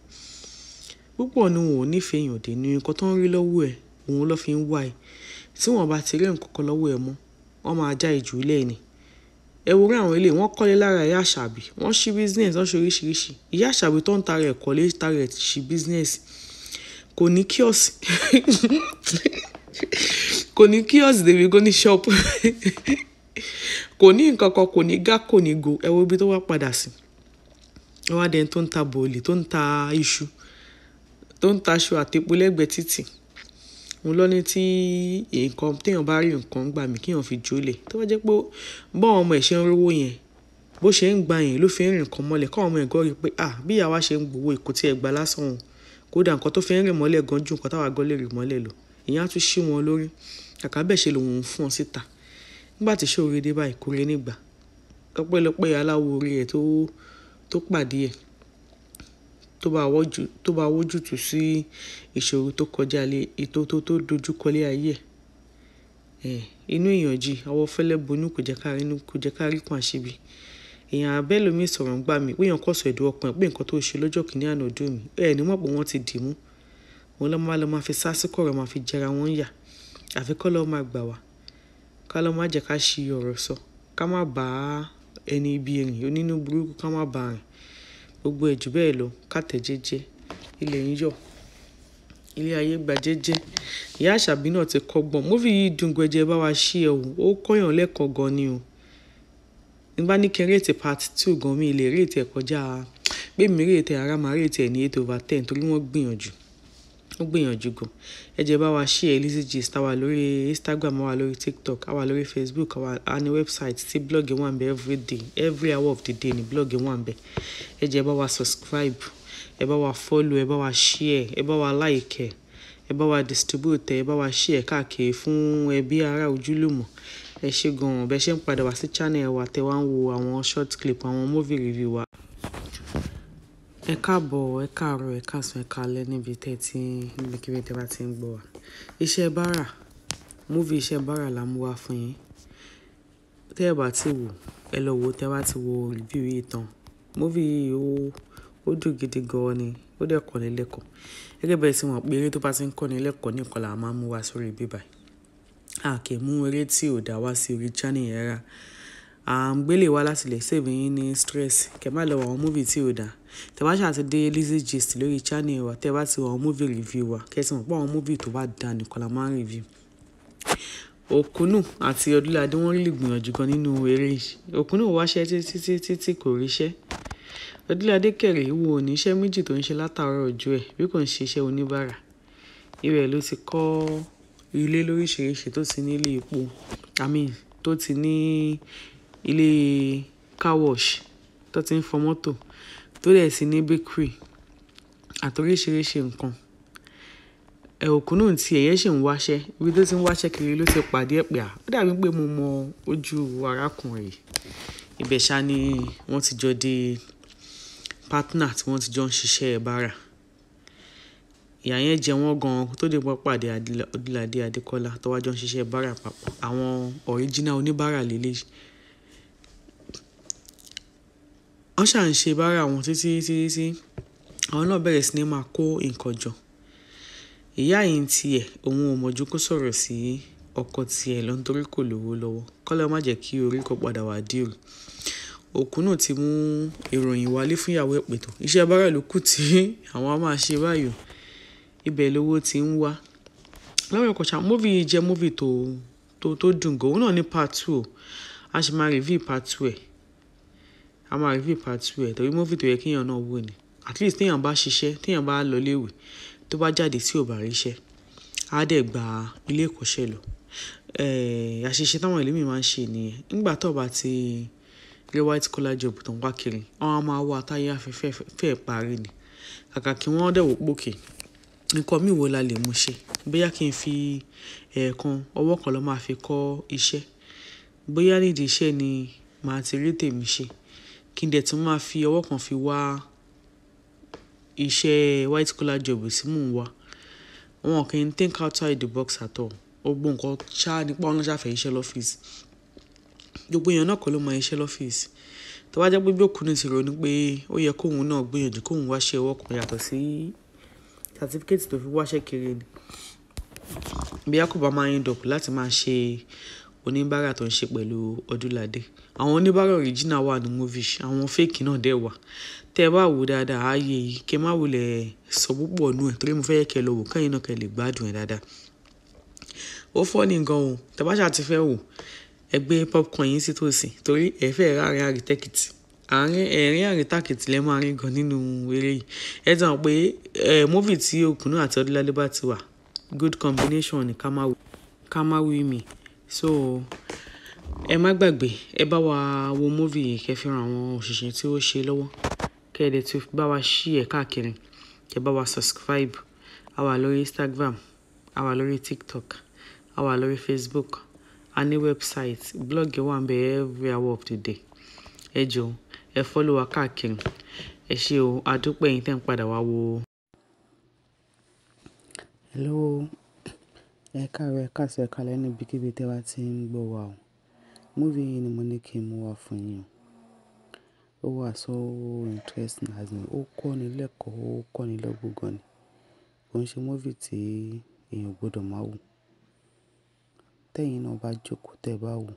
púpọ̀ ni wọn ò nífẹ̀ẹ́ èèyàn dé ní nǹkan tó ń rí lọ́wọ́ ẹ̀ òun ló fi ń wá ẹ̀ tí wọn bá ti rí nǹkan kan lọ́wọ́ ẹ̀ mọ́ wọ́n máa já ìjù ilẹ̀ ni ẹ wo rí àwọn ilé wọn kọ́lé lára ìyá àṣàbí wọ́n ṣí business wọ́n ṣe oríṣiríṣi ìyá àṣàbí tó ń ta rẹ̀ kọ́lé ta rẹ̀ ṣí business kò ní kíọ̀sì kò ní kíọ̀sì débi kò ní ṣọ́ọ̀pù kò ní nǹkan kan kò ní gá kò ní go ẹ wo ibi tó wá padà sí ẹ wá dẹni tó ń ta bòòlì tó ń ta iṣu tó ń taṣọ àtepo lẹ́gbẹ̀ẹ́ títì òun lọ ní tí nǹkan téèyàn bá rí nǹkan gbà mí kéèyàn fi jólè tó bá jẹ́ pé bọ́n ọmọ ẹ̀ ṣe ń rówó yẹn bó ṣe ń gba yẹn ló fi ń rìn nǹkan mọ́lẹ̀ káwọn ọmọ ẹ̀ gan rí i pé ah bí ìyá wa ṣe ń gbowó ìkó tí ẹ gbà lásán òun kódà nǹkan tó fi ń rìn mọ́lẹ̀ gan ju nǹkan táwa gan lè rìn mọ́lẹ̀ lọ ìyẹn á tún ṣí wọn lórí kàkà bẹ́ẹ̀ ṣe lòun fún ọ síta nígbà tí ṣòro dé báyìí kúrẹ́ nígbà ọpẹ́lọpẹ́ aláwo orí ẹ̀ tó pàdé ẹ̀ tó bá wójútùú sí ìṣòro tó kọjá lé ètò tó tó dojú kọlé ayé ẹ̀ inú èèyàn jí ọwọ́ fẹ́lẹ́ bonú kò jẹ́ ká rí inú kò jẹ́ ká rí kan àṣebí èèyàn abẹ́ lómi sọ̀rọ̀ ń gbà mí péyàn kọ̀ sọ ẹ̀dùn ọkàn pé nǹkan tó ṣe lọ́jọ́ kìíní àná ọdún mi ẹ̀ ní mọ̀ pé wọ́n ti dì mú wọn lọ́ máa lọ́ máa fi sásìkò rẹ̀ máa fi jẹra wọn yà àfi kọ́ lọ́ máa gbà wá ká lọ́ máa jẹ́ ká ṣi ọ̀rọ̀ sọ ká má bàa ẹni ibi ẹ̀rìn onínú burúkú ká má bàa rìn gbogbo ẹ̀ jù bẹ́ẹ̀ lọ kàtẹ́ jẹ́jẹ́ ilẹ̀ ń yọ̀ ilé ayé gba jẹ́jẹ́ ìyá àṣàbí náà ti kọ́gbọ́n múfì yìí dùn gbẹ̀jẹ̀ bá wa ṣí ẹ o ó kọ́yàn lẹ́kọ̀ọ́ gan ni o nígbà ní kí n rèétí part two gan mi ilé rèétí ẹ̀ kọjá pé mi rèétí ara máa rèétí ẹ̀ ní eight over ten torí wọ́n gbìyànjú ó gbìyànjú gan ẹ jẹ́ bá wa ṣí ẹ Lizzy Gist àwa lórí Instagram àwa lórí TikTok àwa lórí Facebook àwa ní website tí blog wà ń bẹ every day every hour of the day ni blog wà ń bẹ ẹ bá wa subscribe ẹ bá wa follow ẹ bá wa share ẹ bá wa like ẹ ẹ bá wa distribute ẹ bá wa share káàkiri fún ẹbí ará ojúlùmọ̀ ẹ ṣé gan-an bẹ ṣe ń padà wá sí channel wa tẹ wá ń wo àwọn short clip àwọn movie review wa ẹ káàbọ̀ ẹ káàárọ̀ ẹ káàsán ẹ káalẹ́ níbi tẹ́ ti níbikíbi tẹ́ bá ti ń gbọ́ wa iṣẹ́ bára múvi iṣẹ́ bára la mú wá fún yín tẹ́ ẹ bá ti wò ẹ lọ wò tẹ́ bá ti wo rìbíù yìí múvi yìí ó ó dùn gidi gan ni ó dẹ̀ kọ́ ni lẹ́kọ̀ọ́ gẹ́gẹ́ bẹ́ẹ̀ sì mọ̀ pé eré tó bá ti ń kọ́ ni lẹ́kọ̀ọ́ nìkan là máa ń mú wá sórí bíbáyìí a mú eré tí ò dá wá sí orí channel yẹn rárá um, gbélé wa láti lè save yín ní stress kẹ́ má lọ wọ àwọn movie tí ò dáa tẹ́ bá ṣáà dé Lizzy Gist lórí channel wa tẹ́ bá ti wọ àwọn review wa kẹ́ sì mọ̀ pé àwọn movie tó bá dáa nìkan la máa ń review òkúnù àti ọdúnládé wọn lè gbìyànjú gan nínú eré yìí òkúnù wáṣẹ títí títí tí kò ríṣẹ́ ọdúnládé kẹrẹ wo oníṣẹ́ méjì tó ń ṣe látàárọ̀ ojú ẹ̀ bí kò ń ṣiṣẹ́ oníbàárà ibẹ̀ ló ti kọ́ ilé lóríṣiríṣi tó ti nílé epo i mean tó ti ní ilé car wash tó ti ń fọ mọ́tò tó dẹ̀ sí ní bakery àti oríṣiríṣi nǹkan òkúnnù tí ẹ̀yẹ́ ṣì ń wáṣẹ́ ibi tó ti ń wáṣẹ́ kiri ló ti pàdé ẹ̀ pé à ó dàbí pé mo mọ ojú arákùnrin ibẹ̀ ni wọ́n ti jọ di partner tí wọ́n ti jọ ń ṣiṣẹ́ bára ìyá yẹn jẹ wọ́n gan-an tó dé pọ́ pàdé Adéládé Adékọ́lá tó wá jọ ń ṣiṣẹ́ bára papọ̀ àwọn original oníbàárà lélẹ́yìí wọ́n ṣà ń ṣe báárà wọn títí títí tí àwọn náà bẹ̀rẹ̀ sí ní máa kó nǹkan jọ ìyá yìí ń tiẹ̀ òun ò mọ̀jú kó sọ̀rọ̀ sí ọkọ tiẹ̀ lọ nítorí kò lówó lọ́wọ́ kọ́lọ́ má jẹ́ kí orí kó padà wá dìrò òkú náà ti mú ìròyìn wálé fún ìyàwó ẹ̀ pẹ̀tọ́ iṣẹ́ báárà ló kù tí àwọn á máa ṣe báyò ibẹ̀ lówó ti ń wá lọ́rọ̀ kọ̀ṣà móvì jẹ́ móvì tó tó dùn gan òun náà ní part two o a sì máa review part two ẹ̀ a máa review part two ẹ̀ torí movie tó yẹ kéèyàn náà wò ni at least téèyàn bá ṣiṣẹ́ téèyàn bá lọ léèwé tó bá jáde tí ò bá ríṣẹ́ á dẹ̀ gba ilé ìkọ́ṣẹ́ lọ àṣìṣe táwọn ìlú mi máa ń ṣe nìyẹn nígbà tó bá ti rí white collar job tó ń wá kiri wọn á máa wá atáyé afẹ́fẹ́ fẹ́ parí ni kàkà kí wọ́n dẹ̀ wò pókè nǹkan mi wo la lè mú ṣe bóyá kí n fi ẹ̀ẹ̀kan ọwọ́ kan lọ́ máa fi kọ́ iṣẹ́ bóyá nídìí iṣẹ́ ni màá ti rí tèmi ṣe kí n dẹ̀ tún máa fi ọwọ́ kan fi wá iṣẹ́ white collar job sí mò ń wá wọn kì í think outside the box at all gbogbo nǹkan ṣá nípa ọ̀nà ṣàfẹ́ iṣẹ́ lọ́fíìsì gbogbo èèyàn náà kọ́ ló máa iṣẹ́ lọ́fíìsì tó bá jẹ́ pé bí òkùnrin ti ronú pé ó yẹ kóun náà gbìyànjú kóun wáṣẹ́ ọwọ́ kan yàtọ̀ sí certificate tó fi wáṣẹ́ kiri ni bí a kò bá máa end up láti máa ṣe oníbàárà tó ń ṣe pẹ̀lú Ọdúnládé àwọn oníbàárà original wà ní Movies àwọn fake náà dẹ̀ wà tẹ́ ẹ bá wò dáadáa ààyè yìí kẹ́ má wulẹ̀ sọ púpọ̀ nù ẹ̀ torí mo fẹ́ yẹ kẹ́ lọ wò kẹ́yìn náà kẹ́ lè gbádùn ẹ̀ dáadáa ó fọ́ ní gan o tàbáṣà ti fẹ́ wò ẹ popcorn yín sí tòsí torí ẹ fẹ́ rárín àrítẹ́kìtì àárín ẹ̀rín àrítàkìtì lẹ́ máa rí gan nínú eré yìí ẹ jẹ́ àwọn pé movie tí Òkùnú àti Ọdúnládé bá ti wà good combination ni ká má wí mi so ẹ má gbàgbé ẹ bá wa wo múvì yìí kẹ́ fi ran àwọn òṣìṣẹ́ tí ó ṣe lọ́wọ́ kẹ́ ẹ dẹ̀ tún bá wa ṣí ẹ̀ káàkiri kẹ́ bá wa subscribe a wà lórí Instagram a wà lórí TikTok a wà lórí Facebook a ní website blog wà ń bẹ every hour of the day ẹ jọ̀ọ́ ẹ fọ́lọ́ wa káàkiri ẹ ṣé o adúpẹ́ yín tẹ́ ń padà wá wo. hello. Ẹ káàárọ̀, ẹ̀ káàsán, ẹ̀ káalẹ́ níbi kíbi tí ti ń gbọ́ wa o. Movie yìí ni mo ní kí n mú wá fún yín o. Ó wà so interesting as in ó kọ́ni lẹ́kọ̀ọ́, ó kọ́ni lọ́gbọ́n gan ni. Kò ń ṣe movie tí èèyàn ò gbọdọ̀ máa wò. Tẹ́yìn náà bá jókòó tẹ bá wò,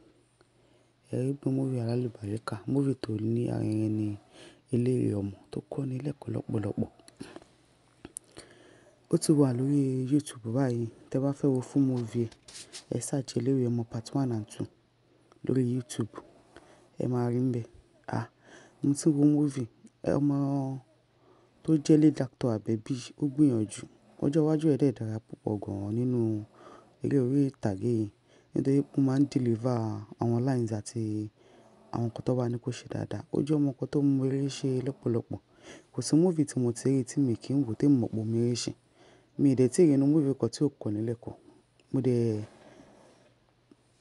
ẹ rí pé movie alálùbáríkà, movie tó ní ara ẹni elérè ọmọ tó kọ́ni lẹ́kọ̀ọ́ lọ́pọ̀lọpọ̀. Ó ti wà lórí YouTube báyìí. Tẹ bá fẹ́ wo full movie ẹ, ẹ search eléwé ọmọ part one and two lórí YouTube. Ẹ máa rí ń bẹ. mo ti wo movie. Ọmọ tó jẹ́ lead actor Àbẹ̀bí ó gbìyànjú. Ọjọ́ iwájú ẹ̀ dẹ̀ dára púpọ̀ gan-an nínú eré orí ìtàgé yìí. Nítorí pé ó máa ń deliver àwọn lines àti àwọn nǹkan tó bá ní kó ṣe dáadáa. Ó jẹ́ ọmọ kan tó mọ eré ṣe lọ́pọ̀lọpọ̀. Kò sí movie tí mo ti rí tí mi kì í wò tí mo mọ̀ pé ó eré ṣe. Mi ò dẹ̀ tí rí inú movie kan tí ó kọ́ni Mo dẹ̀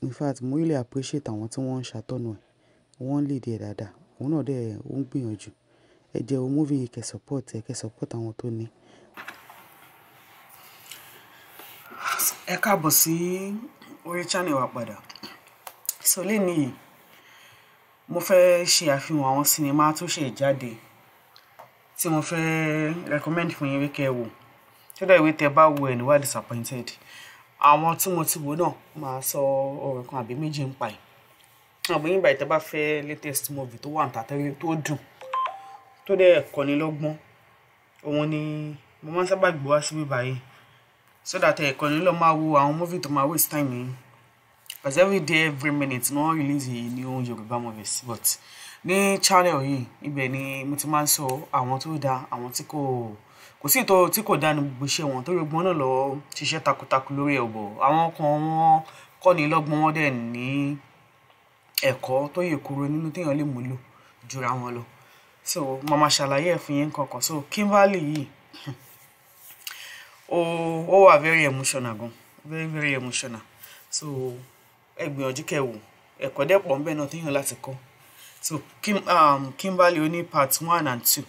in fact mo really appreciate àwọn tí wọ́n ń ṣàtọ́na ẹ̀, wọ́n ń lead ẹ̀ dáadáa. Òun náà dẹ̀ ó ń gbìyànjú. Ẹ jẹ́ wo movie yìí support ẹ̀, kẹ́ support àwọn tó ní. Ẹ káàbọ̀ sí orí channel wa padà. So lénìí, mo fẹ́ ṣe àfihàn àwọn sinimá tó ṣẹ̀ jáde tí mo fẹ́ recommend fún yín wí kẹ́ kódà ìwé tẹ bá wo ẹni wá disappointed àwọn tí mo ti wò náà máa sọ ọ̀rọ̀ kan àbí méjì ń pa ẹ̀ àwọn yìnbọn ìtẹ́ bá fẹ́ latest movie tó wà ní tàtẹ́rẹ́ tó dùn tó dẹ̀ kọ́ni lọ́gbọ́n òun ni mo máa ń sábà gbọ́ wá síbí báyìí so that ẹ̀ kọ́ni lọ́ máa wo àwọn movie tó máa waste time yìí because every day every minute ni wọ́n release yìí ní ohun Yorùbá movies but ní channel yìí ibẹ̀ ni mo ti máa ń sọ àwọn tó dáa àwọn tí kò. Ko kò sí ètò tí kò dánu gbogbo iṣẹ́ wọn torí gbọ́n náà lọ ṣiṣẹ́ takuntakun lórí ẹ̀ bọ̀ àwọn kan wọn kọ́ ni lọ́gbọ́n wọn dẹ̀ ní ẹ̀kọ́ tó yè kúrò nínú téèyàn lè múlò jura wọn lọ so màmá ṣàlàyé ẹ̀ fún yín kankan so Kimberly yìí ó ó wà very emotional gan very very emotional so ẹ gbìyànjú kẹ́ wò ẹ̀kọ́ dẹ̀ pọ̀ ń bẹ náà téèyàn láti kọ́ so Kim, um, Kimberly ó ní part one and two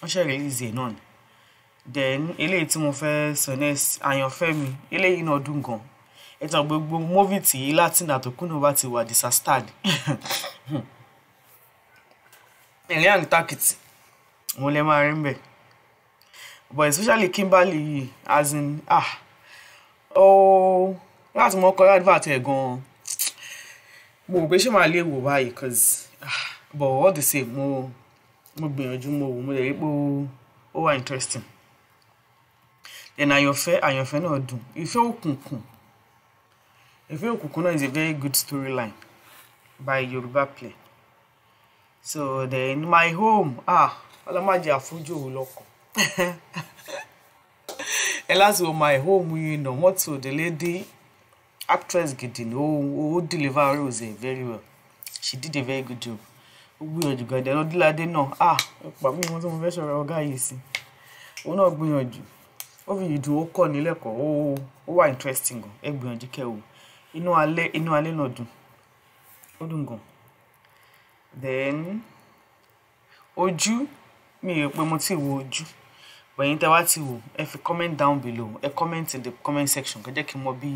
wọ́n ṣe release ẹ̀ náà ni then eléyìí tí mo fẹ́ sọ next àyànfẹ́ mi eléyìí náà dùn gan ẹ̀tàn gbogbo movie tí latin àtòkùnà bá ti wà disastered ẹ̀rín àǹtàkìtì òun lè máa rí ń bẹ̀ but especially Kimberly yìí as in ah oh, láti mọ kọ́ advert ẹ̀ gan-an mo rò pé ṣé màá lè wò báyìí cause ah but all the same mo. Oh, mo gbìyànjú mo wò mo lè rí pé ó wà interesting then àyànfẹ́ àyànfẹ́ náà dùn ìfẹ́ òkùnkùn ìfẹ́ òkùnkùn náà is a very good storyline by Yorùbá play so then my home ah ọlọ́màjẹ àfojú òun lọ́kàn ẹ láti wo my home yìí nà wọ́n ti òde lédè actress gidi ni ó deliver roles very well she did a very good job ó gbìyànjú gan ìdẹ̀nà díládé náà à ah, ẹ̀pà mí ohun tí mo fẹ́ sọ̀rọ̀ ọ̀gá yìí sí òun náà gbìyànjú ó fi ìdùn ó kọ́ ní lẹ́kọ̀ọ́ ó ó wà interesting gan ẹ gbìyànjú kẹ́ o inú alẹ́ inú alẹ́ náà dùn ó dùn gan then ojú mi rò pé mo ti wo ojú bẹ̀yìn tẹ́ wá ti wò ẹ fi comment down below ẹ comment in the comment section kẹ́ jẹ́ kí n mọ bí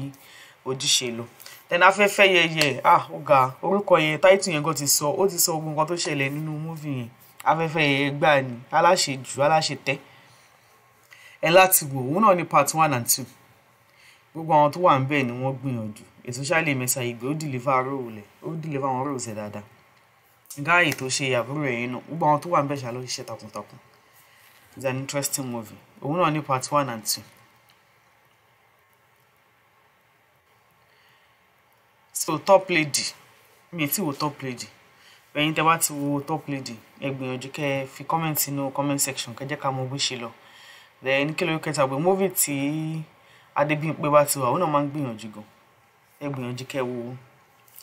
ojú ṣe lọ then afẹ́fẹ́ yẹyẹ ah ó ga orúkọ yẹn táìtì yẹn gan ti sọ ó ti sọ gbogbo nǹkan tó ṣẹlẹ̀ nínú múvì yẹn afẹ́fẹ́ yẹyẹ gbà ní aláṣejù aláṣetẹ́ ẹ láti wò òun náà ní part one and two gbogbo àwọn tó wà ń bẹ̀ ni wọ́n gbìyànjú especially Mesa Igbe ó deliver role lẹ̀ ó deliver àwọn role ṣe dáadáa gáàyè tó ṣe àbúrò ẹ̀yìn náà gbogbo àwọn tó wà ń bẹ̀ ṣá ló ṣiṣẹ́ takuntakun it's an interesting movie òun náà ní part one and two. so top lady mi ti wo top lady ẹ̀yin tẹ́ bá ti wo top lady ẹ gbìyànjú kẹ́ fi comment sínú comment section kẹ́ jẹ́ ká mọ̀ bí ṣe lọ then kí ló yẹ kẹta pé movie tí Adégbímpé bá ti wà òun náà máa ń gbìyànjú gan ẹ gbìyànjú kẹ́ wo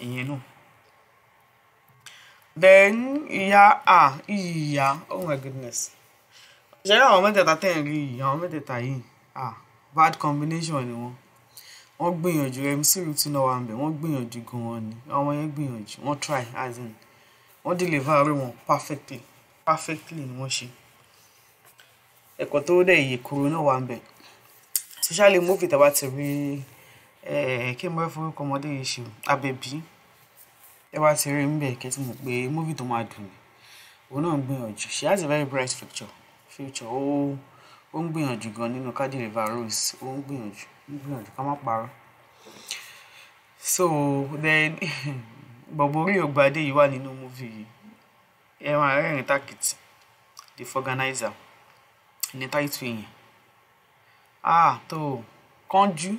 ìyẹn náà then ìyá à ìyá oh my goodness ṣe àwọn mẹ́tẹ̀ẹ̀ta tẹ̀ ń rí ìyá àwọn mẹ́tẹ̀ẹ̀ta yìí ah bad combination ni wọ́n wọ́n gbìyànjú mc rutino wà ńbẹ̀ wọ́n gbìyànjú gan-an ni àwọn yẹn gbìyànjú wọ́n try as in wọ́n deliver orí wọn perfectly perfectly ni wọ́n ṣe ẹ̀kọ́ tó dẹ̀ yè kúrò náà wà ńbẹ̀ especially movie tàbá ti rí kí n bá forúkọ ọmọdé yìí ṣe abẹ́bí ẹ bá ti rí ńbẹ̀ kẹ́tí mọ̀ pé movie tó máa dùn mí òun náà gbìyànjú she has a very bright future future ó ń gbìyànjú gan nínú ká deliver roles ó ń gbìyànjú come up, parọ́ so then bọ̀bọ̀ orí you want wà nínú movie? yìí I arẹ́rìn tàkìtì the organizer ní táìtù èèyàn ah tó kánjú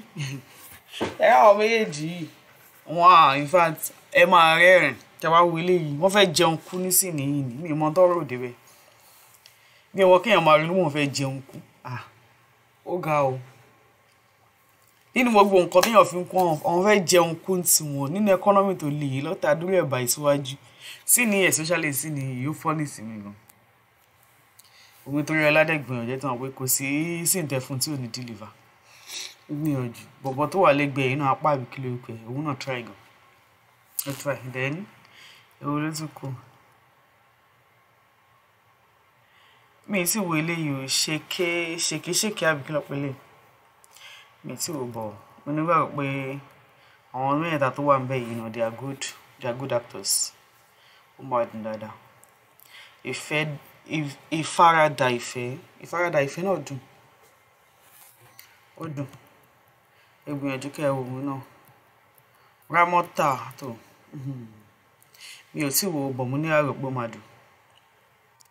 ẹ àwọn méjèèjì yìí wọn à in fact ẹ máa rẹ́rìn tẹwàá wo eléyìí wọ́n fẹ́ jẹun kú nísìnyìí ní mi mọ tọrọ òde bẹ́ẹ̀ bí ẹ wọ kéèyàn máa ronú wọn fẹ́ jẹun kú ah ó ga o nínú gbogbo nǹkan téèyàn fi ń kún àwọn fẹ́ jẹun kún tiwọn nínú ẹkọ́nọ́mì tó le yìí lọ́tà dúró ẹ̀bà ìsíwájú sí ni especially sí ni yóò fọ́nì sí mi gan omi torí ọládẹ́gbìn ọ̀jẹ́ tán pé kò sí síǹtẹ̀ fún tí ò ní deliver gbìyànjú bọ̀bọ̀ tó wà lẹ́gbẹ̀ẹ́ inú apá àbí kí ló pẹ̀ òun náà try gan ó try then èwo ló tún kù mi ì sì wo eléyìí o ṣèké ṣèké ṣèké àbí kí lọ́pẹ́ lẹ́yìn mi tí ò bọ̀ mo nígbàgbọ́ pé àwọn mẹ́ta tó wà ń bẹ̀ yìí náà they are good they are good actors ó máa dùn dáadáa ìfẹ́ ìfaradà ìfẹ́ ìfaradà ìfẹ́ náà dùn ó dùn ẹ gbìyànjú kẹ́ ẹ wò ó náà rámọ́tà tó hmm. mi ò tí wo bọ̀ mo ní àrò máa dùn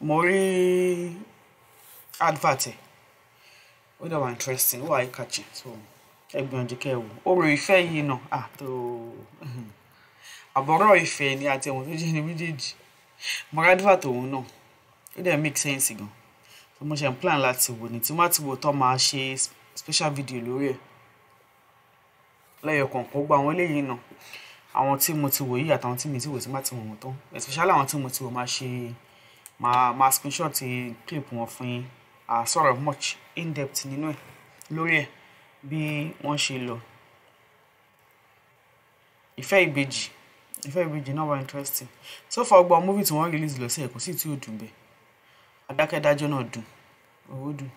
mo rí advert ẹ̀ ó dẹ̀ wà interesting ó wà eye catching so ẹ gbìyànjú kẹ́ ẹ wò orin ìfẹ́ yìí náà àtò hmm. àbọ̀rọ̀ ìfẹ́ ni àti ẹ̀wọ̀n tó jẹ́ ní méjèèjì mọ̀rádùfà tòun náà ó dẹ̀ make sense gan so mo ṣe ń plan láti wò ní tí wọ́n ti wò tó máa ṣe special video lórí ẹ̀ lẹ́yọ̀ kọ̀ọ̀kan gba àwọn eléyìí náà àwọn tí mo ti wò yìí àtàwọn tí mi ti wò sí má ti wò wọ́n tán especially àwọn tí mo ti wò máa ṣe máa screenshot clip wọn fún yín sort of much in depth nínú ẹ̀ lórí ẹ̀ bí wọ́n ṣe lọ. ìfẹ́ ìbejì ìfẹ́ ìbejì náà wà interesting so far gba movie tí wọ́n release lọ́sẹ̀ kò sì tí ò dùn bẹ́ẹ̀ adákẹ́dájọ́ náà dùn owó dùn.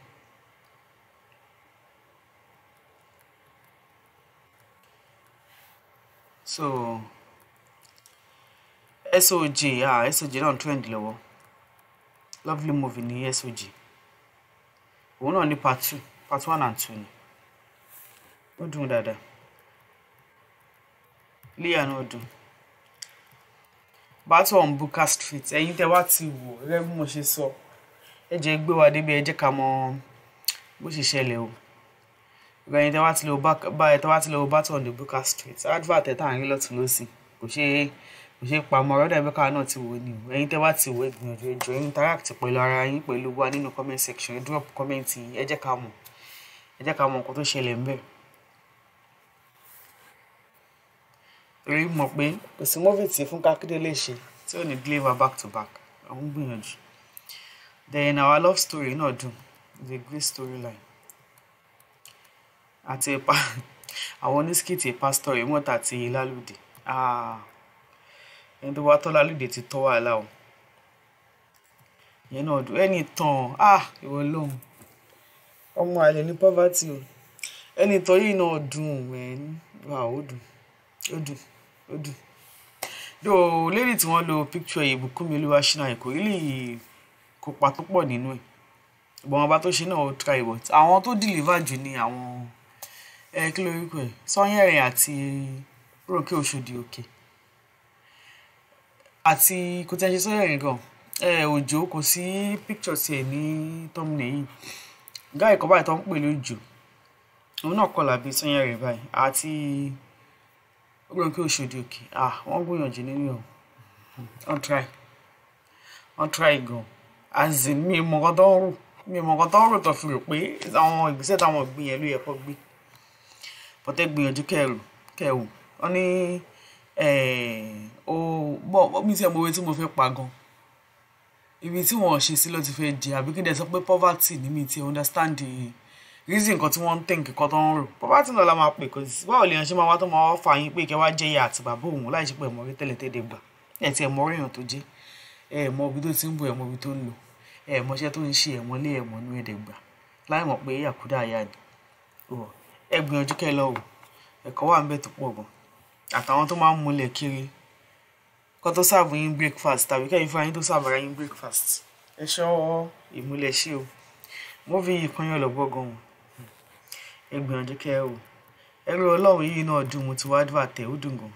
so SOJ ah SOJ náà trend lọ́wọ́ lovely movie ni SOJ òun náà ní part two part one and two ni ó dùn dáadáa líyà náà dùn battle on Bukka Street ẹ̀yin tẹ́ wá ti wò gẹ́gẹ́ bí mo ṣe sọ ẹ jẹ́ gbé wa débi ẹ jẹ́ ká mọ̀ bó ṣe ṣẹlẹ̀ o ẹ̀yin tẹ́ wá ti lọ bá ẹ tẹ́ wá ti lọ battle on the Bukka Street advert ẹ tá à ń rí lọ́tún lọ́sìn kò ṣe é kò ṣe é pamọ́ ọ̀rọ̀ dàbí káwa náà ti wò ni o ẹ̀yin tẹ́ wá ti wò ìgbìyànjú ẹjọ́ interact pẹ̀lú ara yín pẹ̀lú wa nínú comment section ẹ drop comment yìí ẹ jẹ́ ká mọ̀ ẹ jẹ́ ká mọ̀ nǹkan tó ṣẹlẹ̀ ń bẹ̀. rí mọ̀ pé kò sí mọ́fì tí Fúnkẹ́ Akíndélé ṣe tí ò ní deliver back to back àwọn gbìyànjú then our love story náà dùn the a great storyline àti àwọn oníṣkìtì pastor emota àti lálùdí. Ah ẹni tó bá tọ́ lálùdé ti tọ́ wàhálà o ìyẹn náà dùn ẹni tàn ah ìwọ lóhùn ọmọ àlè ní poverty o ẹni tàn yìí náà dùn mẹ́rin wà ó dùn ó dùn ó dùn do lady tí wọ́n lo picture yìí Bùkúnmi Olúwaṣínà kò rí kópa tó pọ̀ nínú ẹ̀ ìbọn ọba tó ṣe náà ó try but àwọn tó deliver jù ni àwọn ẹ kí lóríkọ ẹ Sanyẹrin àti Rónkẹ́ Òṣòdì òkè. Okay àti kò tí a ṣe sọ́yà yẹn gan òjò kò sí picture tiẹ̀ ní tọ́mùnì yìí gáà ìkọ́ báyìí tó ń pè lójò òun náà kọlà bíi sọ́yà rẹ̀ báyìí àti olóńkè Òṣòdì Òkè ah wọ́n gbìyànjú nínú ẹ̀ wọ́n try wọ́n try gan azì mi mọ̀kọ́ tó ń rò mi mọ̀kọ́ tó ń rò tó fi rò pé àwọn ìgbésẹ̀ táwọn gbìyànjú yẹ kó gbé pọ̀tẹ́ gbìyànjú kẹrù kẹrù wọ́n ní ó eh, bọ́ mi tí ẹ mọ owó tí mo fẹ́ pa gan ibi tí wọn ò ṣe sí ló ti fẹ́ jẹ àbí kí n dẹ̀ sọ pé poverty ni mi ti understand the reason nǹkan tí wọ́n ń think nǹkan tó ń rò poverty náà la máa pè kò sí báwo lèèyàn ṣe máa wá tó máa fà yín pé kẹ́ wá jẹ́ ìyá àti bàbá òun láì ṣe pé ẹ̀mọ́rí tẹ́lẹ̀tẹ́lẹ̀ gbà ẹ̀ tí ẹ̀mọ́rí èèyàn tó jẹ́ ẹ̀mọ́ ibi tó ti ń bọ̀ ẹ̀mọ́ ibi tó ń lò ẹ̀mọ́ iṣẹ́ tó ń ṣe ẹ̀mọ́ ilé ẹ̀mọ́ inú ẹ̀dẹ̀ gbà láì mọ̀ pé àkúdà àyà ni ẹ gbìyànjú kẹ́ lọ wò ẹ̀kọ́ wà ń bẹ̀ tó pọ̀ gan àtàwọn tó máa ń múlẹ̀ kiri kó tó sáàbù yín breakfast tàbí kẹ́yìn fún ayín tó sáàbù ara yín breakfast ẹ ṣọ́wọ́ ìmúlẹ̀ ṣe o wọ́n fi yìí kanyàn lọ ẹ gbìyànjú kẹ́ ẹ o ẹrú ọlọ́run yìí náà dùn mo ti wá dùn àtẹ̀ ó dùn gan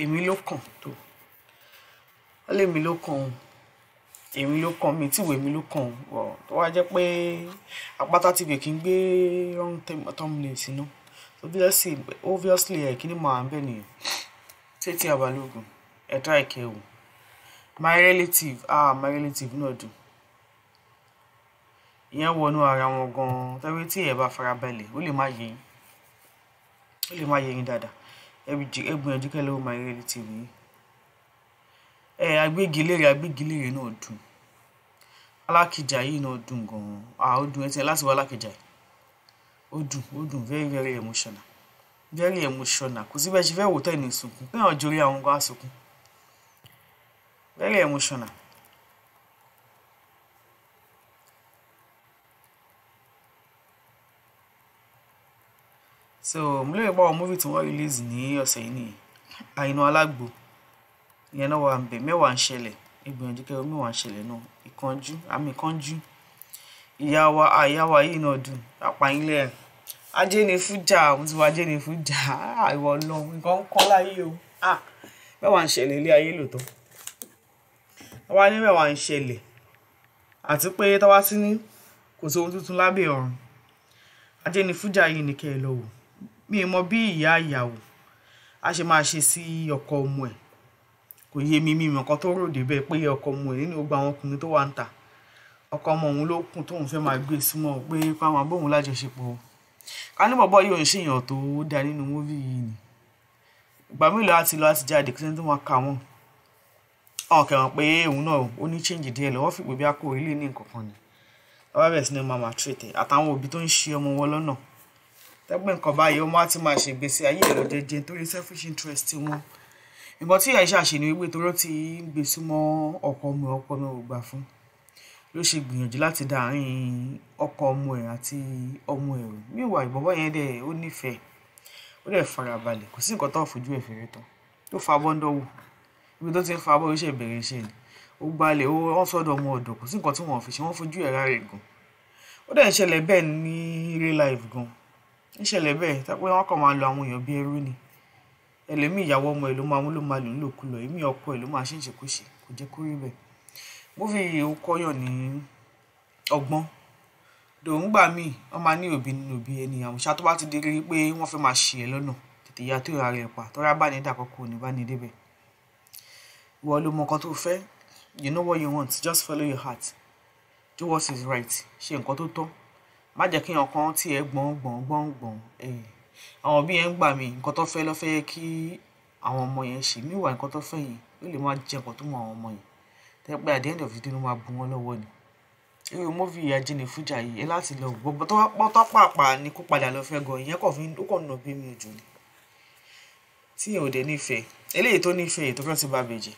èmi ló kàn tó wọ́n lé mi ló kàn o èmi ló kàn mí tíwèé mi ló kàn o tó wá jẹ́ pé àpáta tv kì í gbé wrong time at all minute obviously obviously ẹ kíní mọ à ń bẹ nìyẹn tètè àbálògùn ẹ try ìkẹwò my relative ah my relative náà dùn ìyẹn wọnú ara wọn gan-an tàbí tí ẹ bá fara balẹ̀ ó lè má yé yín ó lè má yé yín dáadáa ẹ gbìyànjú kẹ́ lọ́wọ́ my relative yìí ẹ agbégilére agbégilére náà dùn alákìjà yìí náà dùn gan-an àwọn ah, ó dùn ẹtì láti wá alákìjà yìí ó dùn very very emotional very emotional kò sí bẹ́ẹ̀ ṣe fẹ́ wò tẹ́ ní sunkún pé àwọn jorí àwọn kan á very emotional. so mo lè pa àwọn movie tí wọ́n release ní ọ̀sẹ̀ yìí nìyí àìná alágbo ìyẹn náà wà ń bẹ̀ mẹ́wàá ń ṣẹlẹ̀ ìgbìyànjú kẹrin mẹ́wàá ń ṣẹlẹ̀ náà ìkanjú àmì ìkanjú ìyá wa àyà wa yìí náà dùn àpàyín lẹ́rìn ajé ni fújà mo ti wọ ajé ni fújà ah, ìwọ lọ nǹkan ń kọ́ láyé o ah, mẹ́wàá ń ṣẹlẹ̀ ilé ayé lòótọ́ àwa ní mẹ́wàá ń ṣẹlẹ̀ àti pé tọ́wá sí ní kò sówó tuntun lábẹ́ ọ̀run ajé ni fújà yìí ni kẹ́ ẹ lọ wò mi ì mọ bí ìyá ìyàwó a ṣe máa ṣe sí ọkọ ọmọ ẹ̀ kò yé mi mímọ̀ kan tó rò débẹ̀ pé ọkọ ọmọ ẹ̀ nínú gbogbo àwọn ọkùnrin tó wà ń ta ọkọ ọmọ òun ló kùn tóun fẹ́ máa gbé e súnmọ́ pé káwọn abóhun lájọṣepọ̀ ká ní bọ̀bọ̀ yóò ń ṣèyàn tó dá nínú múvì yìí ni ìgbà mélòó àti lọ àti jáde kí tó máa kà wọ́n ọ̀hún kẹ̀wọ̀n pé òun náà ó ní chíǹjì díẹ̀ lọ́wọ́ fìgbè bí akó ilé ní nǹkan ni ọba bẹ̀rẹ̀ sí ni máa máa àtàwọn òbí tó ń ṣe ọmọ wọn lọ́nà tẹ́gbẹ́ nǹkan báyìí ọmọ á ti máa ṣègbésí ayé ẹ̀rọ jẹjẹ torí selfish interest wọn nǹkan tí ìyá ìṣàṣe ni wípé toró ti ń gbèsè mọ́ ọkọ ọmọ ọkọ ọmọ fún un ló ṣe gbìyànjú láti dá àárín ọkọ ọmọ ẹ̀ àti ọmọ ẹ̀ rú meanwhile bọ̀bọ́ yẹn dẹ̀ ó nífẹ̀ẹ́ ó dẹ̀ farabalẹ̀ kò sí nǹkan tó fojú ẹ̀ fèrè tán tó fa bọ́ńdọ̀ wò ibi tó ti ń fa bọ́ oríṣẹ́ ìbẹ̀rẹ̀ iṣẹ́ ni ó gbalẹ̀ ó wọ́n sọ́dọ̀ ọmọ ọ̀dọ̀ kò sí nǹkan tí wọ́n fi ṣe wọ́n fojú ẹ̀ rárẹ̀ gan ó dẹ̀ ń ṣẹlẹ̀ bẹ́ẹ̀ ní real life gan ń ṣẹlẹ̀ ni ẹlòmíì ìyàwó ọmọ ẹ̀ ló máa mú ló máa lò ń lòkulò èmi ọkọ ẹ̀ ló máa ṣe ń ṣe kó bẹ́ẹ̀ múfì yìí ní ọgbọ́n dòńgbà míì wọ́n máa ní òbí nínú òbí ẹni àmúṣá tó bá ti dérí pé wọ́n fẹ́ máa ṣì ẹ́ lọ́nà tètè ya tó ara ẹ̀ pa tọ́ra bá ní dàkọ́kọ́ òní bá ní débẹ̀ ìwọ ló mọ nǹkan tó fẹ́ you know what you want just follow your heart do what is right ṣe nǹkan tó tọ́ má jẹ́ kí nǹkan tí ẹ gbọ̀n gbọ̀n gbọ̀n gbọ̀n àwọn òbí yẹn ń gbà mí nǹkan tó fẹ́ ló fẹ́ kí àwọn ọmọ yẹn ṣe níwà nǹkan tó fẹ́ yẹn ó lè má jẹ́ nǹkan tó mọ àwọn ọmọ yẹn tẹ́ pé at the end of the day ló máa bu wọn lọ́wọ́ ni irú mọ́fì ajínigbèjà yìí ẹ láti lọ gbogbo tó pátá pàpà ni kó padà lọ fẹ́ gan ìyẹn kàn fi ó kàn nà bí mi ò jù ni tí yẹn ò dé nífẹ̀ẹ́ eléyìí tó nífẹ̀ẹ́ èyí tó fẹ́ ti bá bèjì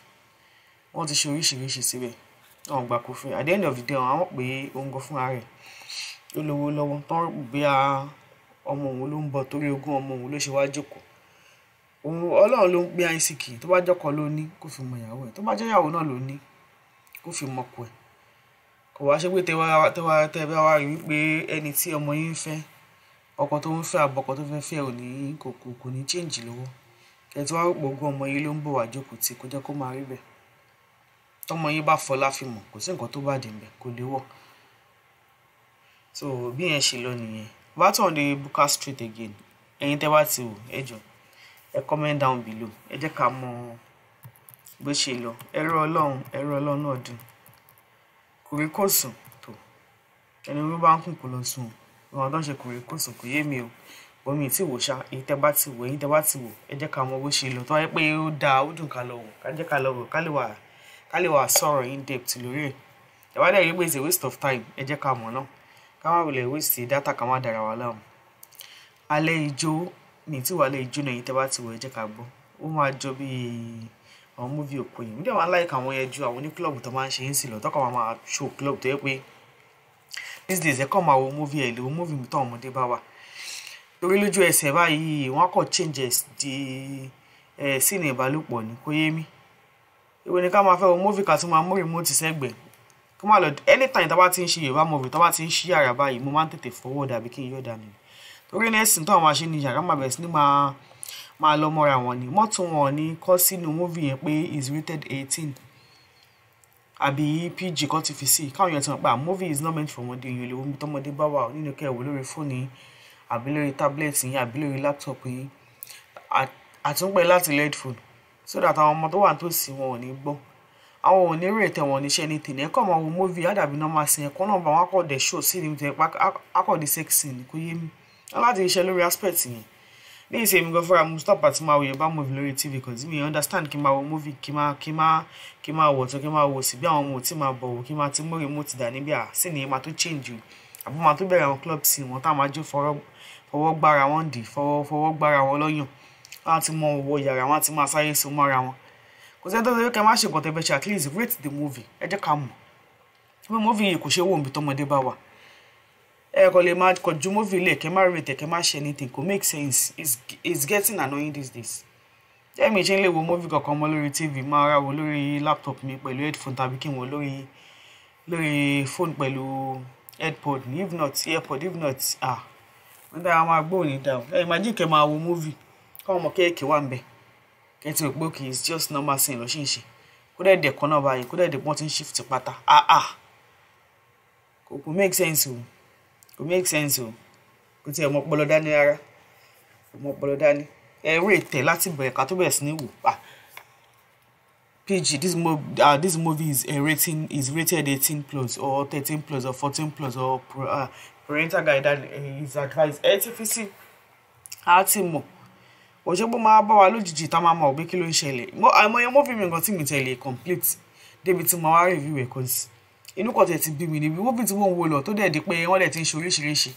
wọ́n ti ṣe oríṣiríṣi síbẹ̀ àwọn gbà kó fẹ́ at the end of the day àwọn pé òun gan fúnra rẹ̀ ó lówó lọ́wọ́ tán bí a ọmọ òun ló ń bọ̀ torí ogún ọmọ òun ló ṣe wá jókòó òun ọlọ́run ló ń pín àìsíkì tó bá jọ́kọ ló ní kó fi mọ ìyàwó ẹ̀ tó bá jẹ́ ìyàwó náà ló ní kó fi mọ̀kọ ẹ̀ kò wá ṣe pé tẹ wá tẹ wá tẹ bá wá rí wípé ẹni tí ọmọ yín ń fẹ́ ọkọ tó ń fẹ́ àbọ̀kọ tó fẹ́ fẹ́ ò ní kò kò kò ní change lọ́wọ́ kẹtù wá rò gbogbo ọmọ yín ló ń bọ̀ wá jókòó tí kò jẹ́ kó máa rí bẹ́ẹ̀ tọmọ yín bá fọlá fi mọ̀ kò sí nǹkan tó bá dé ńbẹ̀ kò léwọ̀ so bí yẹn ṣe lọ nìyẹn bàtà òde Buka Street again ẹ̀yin tẹ́ bá ti wò ẹ jọ ẹ comment down below ẹ jẹ́ ká mọ̀ bó ṣe lọ ẹrú ọlọ́run ẹrú ọlọ́run náà dùn kòrí kò sùn tó ẹni orí bá ń kùn kò lọ sùn ìwọ̀n tó ń ṣe kòrí kò sùn kò yé mi o omi tí wò ṣá èyí tẹ́ bá ti wò èyí tẹ́ bá ti wò ẹ jẹ́ ká mọ bó ṣe lọ tó wáyé pé ó dáa ó dùn ká lọ wò ká jẹ́ ká lọ wò ká lè wà ká in depth lórí ẹ̀ ìwà dẹ̀ rí pé it's a waste of time ẹ jẹ́ ká mọ̀ náà ká má wulẹ̀ waste data ká má dára wa láwọn. alẹ́ ijó mi tí wàá lè jó náà èyí tẹ́ bá ti wò ẹ jẹ́ ká gbọ́ ó máa jọ bíi àwọn múvi òkú yìí nígbà máa ń láìka àwọn ẹjú àwọn ní club tó máa ń ṣe ń sì lọ tọkọ máa máa show club tó yẹ pé these days ẹ kọ́ máa wo múvi ẹ̀ lè wo múvi mi tó àwọn ọmọdé bá wà torí lójú ẹsẹ̀ báyìí wọ́n kọ̀ changes di ẹ̀ sínú ìbálòpọ̀ ní kó yé mi ìwé ni ká máa fẹ́ wo múvi ká tún máa mú remote sẹ́gbẹ̀ẹ́ kó má lọ anytime tó bá ti ń ṣe yorùbá múvi tó bá ti ń ṣí yàrá báyìí mo máa ń tètè fọwọ́ dàbí kí n yọ̀ dànù torí ní ẹ̀sìn tó àwọn aṣẹ́ni yàrá máa bẹ̀rẹ̀ sí ní máa máa lọ mọ́ra wọn ni mọ́tò wọn ni kọ́ sínú múvì yẹn pé is rated eighteen àbí pg kan ti fi sí káwọn yẹn ti mọ̀ pé ah, múvì is not meant for ọmọdé èèyàn lè omi tọmọdé bá wà nínú kẹwò lórí fóònù yìí àbí lórí tábìlẹ̀tì yìí àbí lórí láptọ̀pù yìí àtúnpẹ́ láti phone. so that àwọn ọmọ tó wà nítòsí wọn ò ní gbọ́ àwọn ò ní rè tẹ wọn níṣẹ́ ní tèmi ẹ̀kọ́ ọmọ wo móvì àdàbí náà máa sin ẹ̀kọ́ náà bá wọn akọ̀dẹ̀ ṣó sí ní tẹ̀ akọ̀dẹ̀ sẹ́kìsì ní kò yé mi láti iṣẹ́ lórí aspect yẹn ní ìsèmi gan fúnra mo stop àti máa wo Yorùbá movie tv kò me mi understand kí n máa wo movie kí kima, máa kí n máa kí n máa wọ̀ tó kí n máa wò sí bí àwọn ọmọ tí máa bọ̀ wò kí n máa ti mú remote dání bí à sí ni máa tó change o àbí máa tó bẹ̀rẹ̀ àwọn club sí wọn tá a máa jó fọwọ́ gbára wọn dì fọwọ́ gbára wọn lọ́yàn wọn á ti mọ owó yàrá wọn á ti máa sáré so mọ́ra wọn kò sẹ́ni tó ṣe kẹ́ máa ṣe nǹkan tẹ́ fẹ́ ṣe at least rate the movie ẹ jẹ́ ká mọ̀ pé movie yìí kò ṣe é wò níbi tọ́mọdé bá ẹ kò lè máa kọjú móvì ilé kẹ má rètè kẹ má ṣe anything kò make sense it's, it's getting annoying these days jẹ́mi ṣe ń lè wo móvì kankan mọ́ lórí tv máa ra wo lórí laptop mi pẹ̀lú headphone tàbí kí n wo lórí lórí phone pẹ̀lú headpod if not earpod if not ah wọ́n dára máa gbóhùn ní dáhùn ẹ imagine kẹ máa wo móvì káwọn ọmọ kéèké wà ń bẹ̀ kẹ́tì òpó kì í just normal sin lọ́ sí ń ṣe kó dẹ̀ dẹ̀ kan náà báyìí kó dẹ̀ pọ́n ti ń shift pátá ah ah kò kò make sense o kò make sense o kò tiẹ̀ mọ ọpọlọ dání rárá kò mọ ọpọlọ dání ẹ̀rọ ètè láti bẹ̀rẹ̀ ká tó bẹ̀rẹ̀ sí ní wò ah pg this, mo uh, this movie is a rating is rated eighteen plus or thirteen plus or fourteen plus or uh, parental guidance eh, is advised ẹ ti fi sí a ti mọ̀ òṣèpọ̀ máa bá wa lójijì tá a máa mọ̀ pé kí ló ń ṣẹlẹ̀ àìmọye mọ́fìmì nǹkan tí mi tẹ̀lé complete débi tí mo wá review ẹ̀ kọ́sí inú kan tẹ̀ ti bí mi níbi wọ́n fi ti wọ́n ń wo lọ tó dẹ̀ di pé wọ́n dẹ̀ ti ń ṣe oríṣiríṣi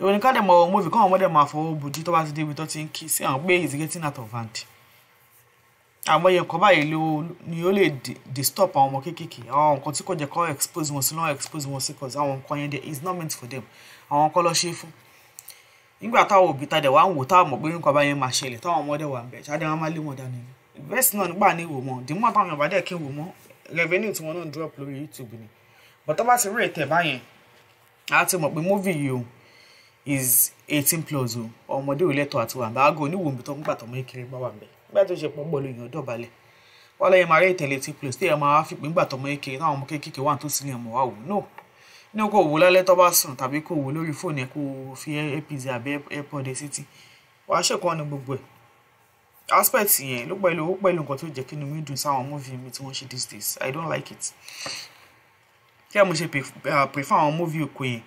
ìròyìn ká dẹ̀ mọ móvì káwọn ọmọdé máa fọwọ́ bòjú tó bá ti débi tó ti ń kí sí àwọn pé is getting out of hand àmọ́ yẹn kọ́ báyìí ló ni ó lè disturb àwọn ọmọ kéékèèké àwọn nǹkan tí kò jẹ́ kó expose wọn sí lọ́wọ́ expose wọn sí cause àwọn nǹkan yẹn dẹ̀ is not meant for them àwọn nǹkan lọ́ ṣe fún nígbà táwọn òbí ta dẹ̀ wá ń wò táwọn mọ̀ pé nǹkan báyẹn máa ṣẹlẹ̀ táwọn ọmọdé wà ń bẹ̀ ṣáde wọn máa lé wọn dání bẹ́ẹ̀ sì náà nígbà ní ìwò mọ́ dìímọ̀ táwọn Yorùbá dẹ̀ kí wò mọ́ revenue tí wọ́n náà drop lórí YouTube ni but tó bá ti rí ètè báyẹn a ti mọ̀ pé movie yìí o is eighteen plus o ọmọdé ò lẹ́tọ̀ọ́ àti wàmbá aago oníwò mi tó ń gbà tó mọ ìkiri bá wà ń bẹ̀ nígbà tó ṣe pọ̀ bọ́ọ̀lù èèyàn dọ̀balẹ̀ wọ́n lẹ́yìn máa rí ìtẹ̀lẹ̀ tí plus tí ẹ̀ máa fi pín gbà tó mọ ìkiri náà ọmọ kéékèèké wà tó sílẹ̀ mọ́ wà wò no ní kò wò lálẹ́ tó bá sùn tàbí kò wò lórí fóònù ẹ̀ kò fi apz àbí airpod ẹ̀ sí ti wàá ṣèkọ́ ni gbogbo ẹ̀ aspect yẹn ló pẹ̀lú ó pẹ̀lú nǹkan tó jẹ́ kí ni mi dùn sáwọn movie mi tí wọ́n ṣe these days i don't like it kí ẹ mo ṣe prefer àwọn movie oko yẹn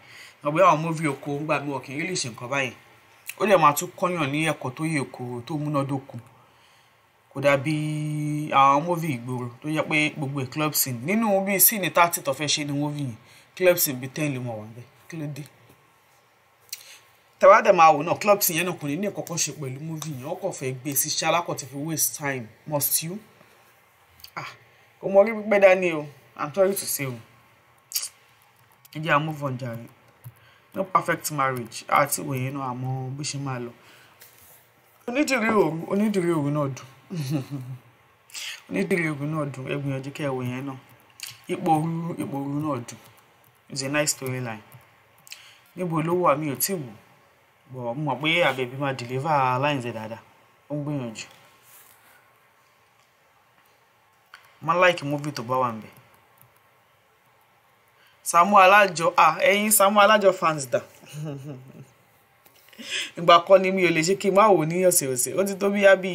ọgbẹ́ àwọn movie oko ńgbà mi ọ̀kìn really ṣe nǹkan báyìí ó lè máa tún kọ́yàn ní ẹ̀kọ́ tó yẹ kó tó múnádóko kò dàbí àwọn movie ìgboro tó yẹ pé gbogbo ẹ̀ club scene nínú bíi scene thirty tó fẹ́ ṣe ni movie yẹn club scene bíi ten lè mọ̀ wá bẹ́ẹ̀ kí ló dé tẹ̀wá dẹ̀ máa wò náà club ti yẹn náà kò ní ní ìkọ̀kọ̀ ṣe pẹ̀lú múvì yẹn ọkọ̀ fẹ́ gbé e sí ṣálákọ̀ ti fi waste time must you ah kò mọ orí pípẹ́ dání o i'm sorry to say o ẹ jẹ́ à move on jàre no perfect marriage àti wòye náà àmọ́ bó ṣe máa lọ onídìrí òru onídìrí òru náà dùn onídìrí òru náà dùn ẹ gbìyànjú kẹ́ ẹ wò yẹn náà ipò òru ipò òru náà dùn it's a nice storyline níbo ló wà mí ò tí wò ó bọ̀ mo mọ̀ pé àbẹ̀bí máa deliver lines ẹ̀ dáadáa ó ń gbìyànjú má like movie tó bá wà ń bẹ̀ Sàámú Alájọ A. ẹ̀yin Sàámú Alájọ fans dà ìgbà kan ni mi ò lè ṣe kí n má wò ní ọ̀sẹ̀ọ̀sẹ̀ ó ti tó bí yábí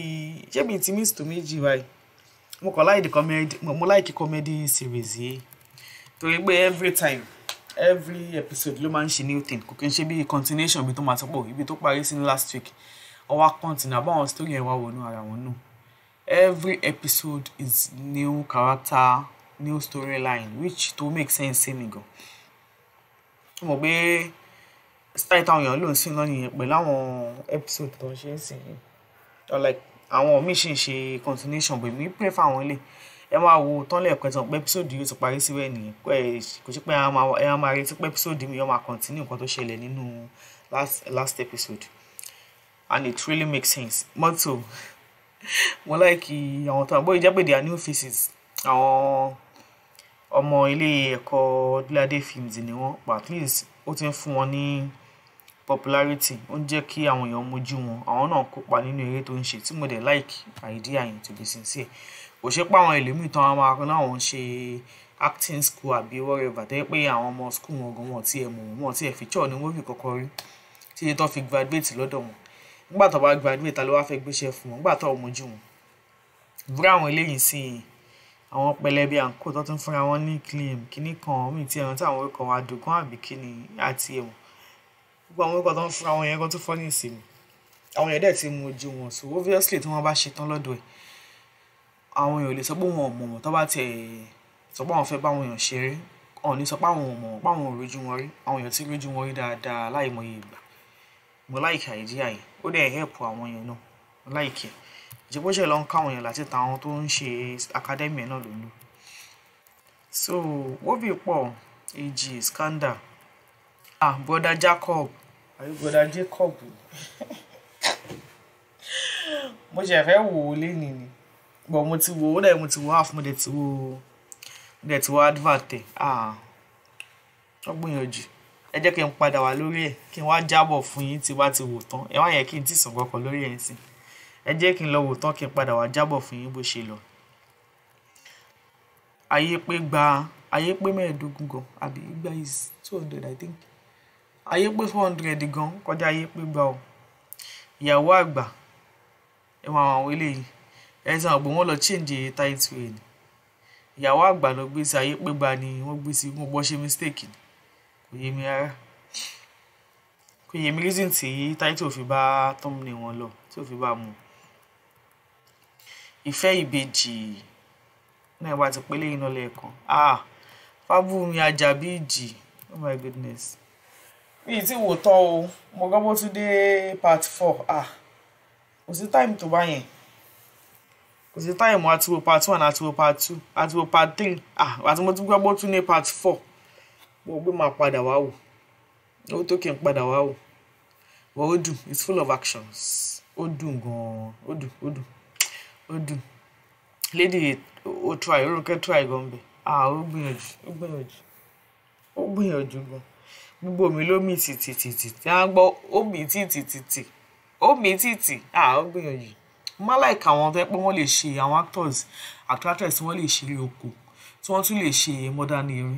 ṣé mi ti miss to méjì báyìí mo kàn láì di comedy mo like comedy series yìí torí pé every time every episode ló máa ń ṣe new thing kò kí n ṣe bí continuation ibi tó máa tọ́pọ̀ oh, ibi tó parí sí ní last week ọwọ́ continue àbáwọn story yẹn wá wọnú ara wọn náà every episode is new character new storyline which to make sense sí mi gan mo mọ̀ pé style táwọn èèyàn ló ń sìn lọ́nìí yẹn pẹ̀lú àwọn episode tó ń ṣe é sìn yìí like àwọn míì ṣì ń ṣe continuation but mi prefer àwọn eléyìí ẹ máa wo tán lẹ́ẹ̀kan tán pé yóò ti parí sí rẹ̀ kò sí pé ẹ máa retí pé episode mi yóò máa continue nǹkan tó ṣẹlẹ̀ nínú last episode and it really makes sense mọ́tò mo láìkí àwọn tó àbọ̀ ìjábọ̀ èdè new faces àwọn ọmọ ilé ẹ̀kọ́ díládé films ni wọ́n but at least ó ti ń fún wọn ní popularity ó ń jẹ́ kí àwọn èèyàn mojú wọn àwọn náà kópa nínú eré tó ń ṣe tí mo dẹ̀ like idea yẹn to be sincere kò ṣe pé àwọn ìlú mìíràn àwọn máa láwọn ṣe acting school àbí whatever tẹ́ pé àwọn ọmọ school wọn gan wọn tiẹ̀ mọ̀ wọn tiẹ̀ feature ní movie kọ́kọ́ rí títí tó fi graduate lọ́dọ̀ wọn nígbà tó bá graduate ta ló wá fẹ́ gbéṣẹ́ fún wọn nígbà tó mojú wọn ìbúra àwọn eléyìí sí i àwọn pẹlẹbí àǹkó tó tún fúnra wọn ní claim kínní kan mí tí ẹran tí àwọn orúkọ wa dùn kan àbí kínní àti ẹwọn gbogbo àwọn orúkọ tó ń fúnra wọn yẹn kan tó fọ́ ní ìsinmi àwọn yẹn dẹ̀ ti mojú wọn so obviously tí wọ́n bá ṣetán lọ́dọ̀ ẹ̀ àwọn èèyàn lè sọ pé wọn ò mọ̀mọ̀ tó bá tiẹ̀ sọ pé àwọn fẹ́ báwọn èèyàn ṣeré ọ̀ ní sọ pé àwọn ò mọ̀ páwọn ò rojú wọn rí àwọn èèyàn ti rojú wọn rí dáadáa láì mọye ìgbà mo láìkì àìdíyà yìí ó dẹ̀ hẹ́ẹ̀pù àwọn èèyàn náà mo láìkì ẹ̀ ìjẹ́pọ̀ṣẹ̀ lọ ń káwọn èèyàn láti tàwọn tó ń ṣe akadẹ́mì náà lónìí so wóbì pọ̀ èjì scandal ah brother Jacob àbí brother Jacob mo ṣẹ̀fẹ̀ wò ó lé nìyí bọ̀ mo ti wo ó dẹ̀ mo ti wo half mo dẹ̀ ti wo mo ti wo advert ẹ̀ ah wọ́n gbìyànjú ẹ jẹ́ kí n padà wá lórí ẹ̀ kí n wá jábọ̀ fún yín tí bá ti wò tán ẹ wá yẹ kí n ti sàn kankan lórí ẹ̀ sí ẹ jẹ́ kí n lọ wò tán kí n padà wá jábọ̀ fún yín bó ṣe lọ. ayé pé gba ayé pé mẹ́ẹ̀ẹ́dógún gan àbí igba is two hundred i think ayé pé four hundred di kọjá ayé pé ba? o ìyàwó àgbà ba? máa wà wọ́n eléyìí ẹ̀sán ọ̀gbìn wọn lọ change title ẹ̀ ni ìyàwó àgbà ló gbé sí ayé pé gba ni wọ́n gbé sí mo bọ́ ṣe mistake ni kò yé mi rárá kò yé mi reason tí title ò fi bá thumbnail wọn lọ tí ò fi bá mu ìfẹ́ ìbejì náà wà ti pélé iná lẹ́ẹ̀kan ah fábùmí ajábí ìjì oh my goodness mi ì tí wò tán o mo gbọ́ bó tún dé part four ah kò sí time tó bá yẹn kò sí táìmù àti wo part one àti wo part two àti wo part three ah àti mo tún gbọ́ bó tún ní part four mo gbé máa padà wá wò owó tó kí n padà wá wò wọ́n ó dùn it's full of actions ó dùn gan-an ó dùn ó dùn ó dùn lady ó try orúkẹ́ try gan bẹ̀ ah ó gbìyànjú ó gbìyànjú ó gbìyànjú gan gbogbo mi ló mì tìtìtìtì tí wọ́n á gbọ́ ó mì tìtìtìtì ó mì tìtì ah ó gbìyànjú mo máa like àwọn tó yẹ pé wọ́n lè ṣe àwọn actors actors tí wọ́n lè ṣe oko tí wọ́n tún lè ṣe modern erin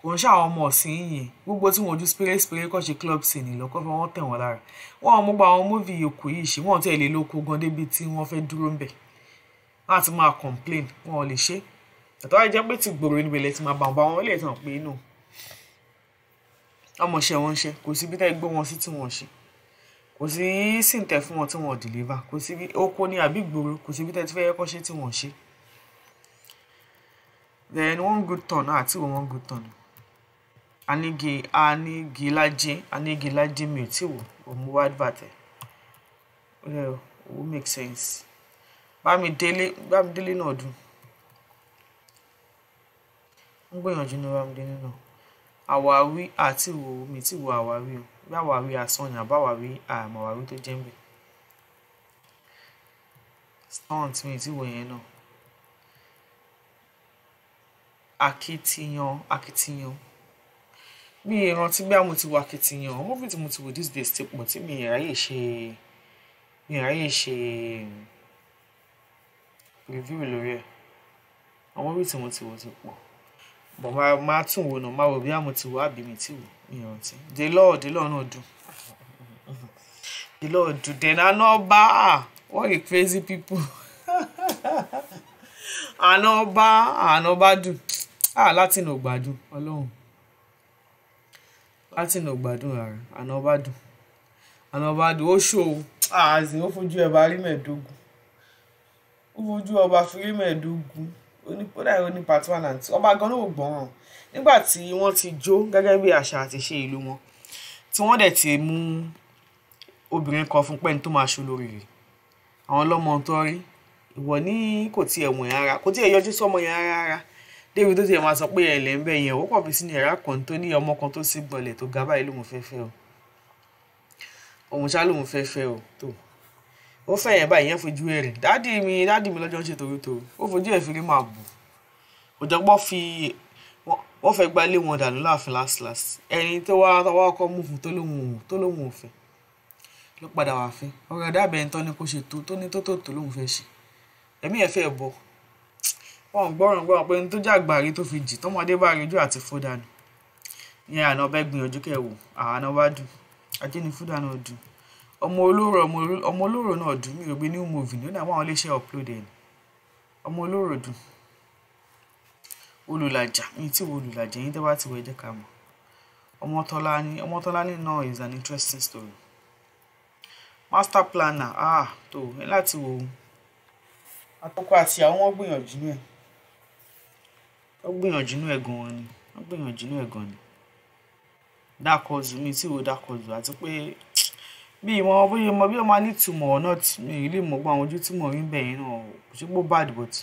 kò ń ṣàwọn ọmọ ọ̀sìn yìnyín gbogbo tí wọn ojú spéré-spéré kọ́ ṣe club scene lọ́kọ́ fún wọn tẹ̀ wọ́n lára wọn àwọn gbogbo àwọn múvì yòókù yìí ṣe wọn tiẹ̀ lè lóko gan débi tí wọ́n fẹ́ dúró ń bẹ̀ wọn àti máa complain wọn ò lè ṣe tàtọ́ àìjẹ́ pé ti gbòòrò níbi ilẹ̀ tí máa bá wọn bá wọn lè tàn pé nù ọmọọṣẹ́ wọn ṣe kò síbi tẹ́ gbé wọn sí tí wọ́n ṣe kò sí síntẹ̀ fún wọn tí wọn ò deliver kò sí oko ní àbí gbòòrò kò sí bí tẹ́tí fẹ́ kọ́ ṣe tí wọ́n ṣe then one good turn àti ah, one good turn anigi anigilaje anigilaje mi ò tí wò òun wá advert ẹ̀ ó make sense Bámidélé Bámidélé náà dùn ń gbìyànjú ní Bámidélé náà àwáwí àti ìwò omi tí ìwò àwáwí o bí àwáwí asán ni àbáwáwí àmọ̀wáwí tó jẹ́ ń bẹ̀. stunt mi ti wò yẹn náà akitiyan akitiyan mi ìrántí bí mo ti wo akitiyan movie tí mo ti wò this day ti pọ̀ tí mi ìráyè ṣe mi ìráyè ṣe review lórí ẹ̀ àwọn movie tí mo ti wò ti pọ̀ bọ̀ máa tún wò náà máa wò bí mo ti wò àbí mi ti wò ìrántí the lord the lord náà dùn the lord dùn dẹ̀nà no ba. wọ́n yìí crazy people àná bá àná bá dùn à ah, láti nà gbádùn ọlọ́run láti nà gbádùn ara àná bá dùn àná bá dùn ó ṣòwò àzì ah, ó fojú ẹ̀ bá rí mẹ́ẹ̀ẹ́dógún ó fojú ọba fi rí mẹ́ẹ̀ẹ́dógún ó ní kódà ó ní part one and ọba gan-an ló gbọ́n hàn nígbà tí wọ́n ti jó gẹ́gẹ́ bí àṣà àti ṣe ìlú wọn tí wọ́n dẹ̀ ti mú obìnrin kan fún pẹ́ni tó máa ṣolórí rẹ̀ àwọn ọlọ́mọ tó rí ìwọ ní kò tiẹ̀ wọ̀n yẹn ara kò tiẹ̀ yọjú sọ́mọ yẹn ara ara débi tó tiẹ̀ máa sọ pé ẹ̀lẹ́ ń bẹ̀ yẹn ó pọ̀ fi sínú yàrá kan tó ní ọmọ kan tó sì gbọ̀lẹ̀ tó ga báyìí lòun fẹ́fẹ́ o òun ṣá lòun fẹ́fẹ́ o tó ó fẹ́ yẹn báyìí yẹn fojú ẹ̀ rìn dáàdì mi dáàdì mi lọ́jọ́ ń ṣe torótoro ó fojú ẹ̀ fi rí màá bù òjọ́gbọ́n fi wọ́n fẹ́ gbalé wọn dànù láàfin last last ẹni tó wá wá kọ́ múfun tó lóun òun tó lóun òfin ló padà wá fín ọ̀rọ̀ ẹ̀dá àbẹ̀yìn tán ni kò ṣe tó tó ní tó tó tó lóun fẹ́ ṣe ẹ̀mí ẹ̀ fẹ́ bọ̀ wọn gbọ́ràn gbọ́ràn pé ní tó jẹ́ àgbàrí tó fi jì tọmọdé bá rí ojú àti fúdànù ìyẹn àná ọbẹ̀ gbìyànjú kẹwò àánà bá dùn ajé ni fúdànù dùn ọmọ olóró ọmọ olóró náà dùn mí ò gbé new movie ní ó dàbọ̀ àwọn iléeṣẹ́ upload ẹ̀ ọmọ olóró dùn olùlàjà èyí tí wo olùlàjà èyí tẹ́ bá ti wọ ẹ jẹ́ ká mọ̀ ọmọtọ́láni ọmọtọ́láni náà is an interesting story master planner ah tó ẹ láti wo àtọkọ àti àwọn wọn gbìyànjú nú ẹ wọn gbìyànjú nú ẹ gan ni wọn gbìyànjú nú ẹ gan ni dákọzù mi tí wo dákọzù àti pé bí ìmọ̀ bóyá mọ bí ọmọ alítùmọ̀ náà mi ì lè mọ̀ àwọn ojú tí mò ń bẹ̀yìn náà kò sí pé bad but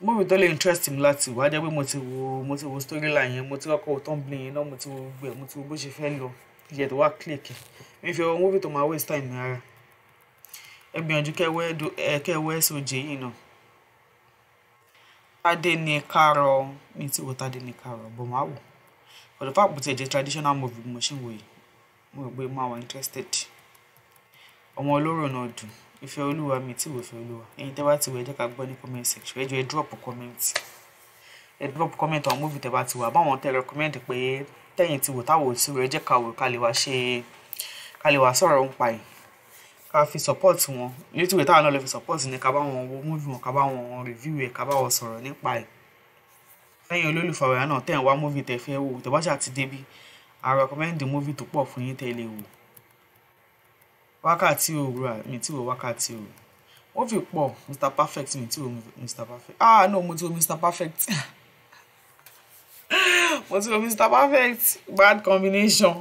movie tó lè interest mi láti wò á jẹ́ pé mo ti wo mo ti wo storyline yẹn mo ti kọ́kọ́ wo tumbling yẹn náà mo ti wo gbẹ mo ti wo bó ṣe fẹ́ lọ ìyẹn tó wá click mi fi ọwọ́ movie tó máa waste time rárá ẹ gbìyànjú kẹwẹ́ soj yìí náà tade ni kárọ mi ti wo tade ni kárọ bọ̀ máa wò ọ̀dọ̀ fáàpù ti ẹ̀jẹ̀ traditional movie mo ṣì ń wò yìí mo rò pé mo àwọn interested ọmọ olóró náà dùn ìfẹ́ olúwa mi tí wò ìfẹ́ olúwa ẹ̀yin tẹ́ bá ti wò ẹ jẹ́ ká gbọ́ ní comment section ẹ jọ̀ọ́ ẹ drop comment ẹ drop comment on movie tẹ́ bá ti wò àbáwọn tẹ́ recommend pé tẹ́yìn ti wò táwọn ò ti wò ẹ jẹ́ ká wò ká lè wá ṣe ká lè wá sọ̀rọ̀ ń pa ẹ̀ ká fi support wọn nítorí táwọn náà lè fi support ní ká bá wọn wo movie wọn ká bá wọn review ẹ̀ ká bá wọn sọ̀rọ̀ nípa ẹ̀ lẹ́yìn olólùfàwẹ̀rẹ̀ náà tẹ̀ ń wá movie tẹ́ fẹ́ wò tẹ́ bá ṣáà ti débi I wákàtí òru mi ti wo wákàtí òru ó fi pọ̀ mr perfect mi ti wo mr perfect ah no mo ti wo mr perfect mo ti wo mr perfect bad combination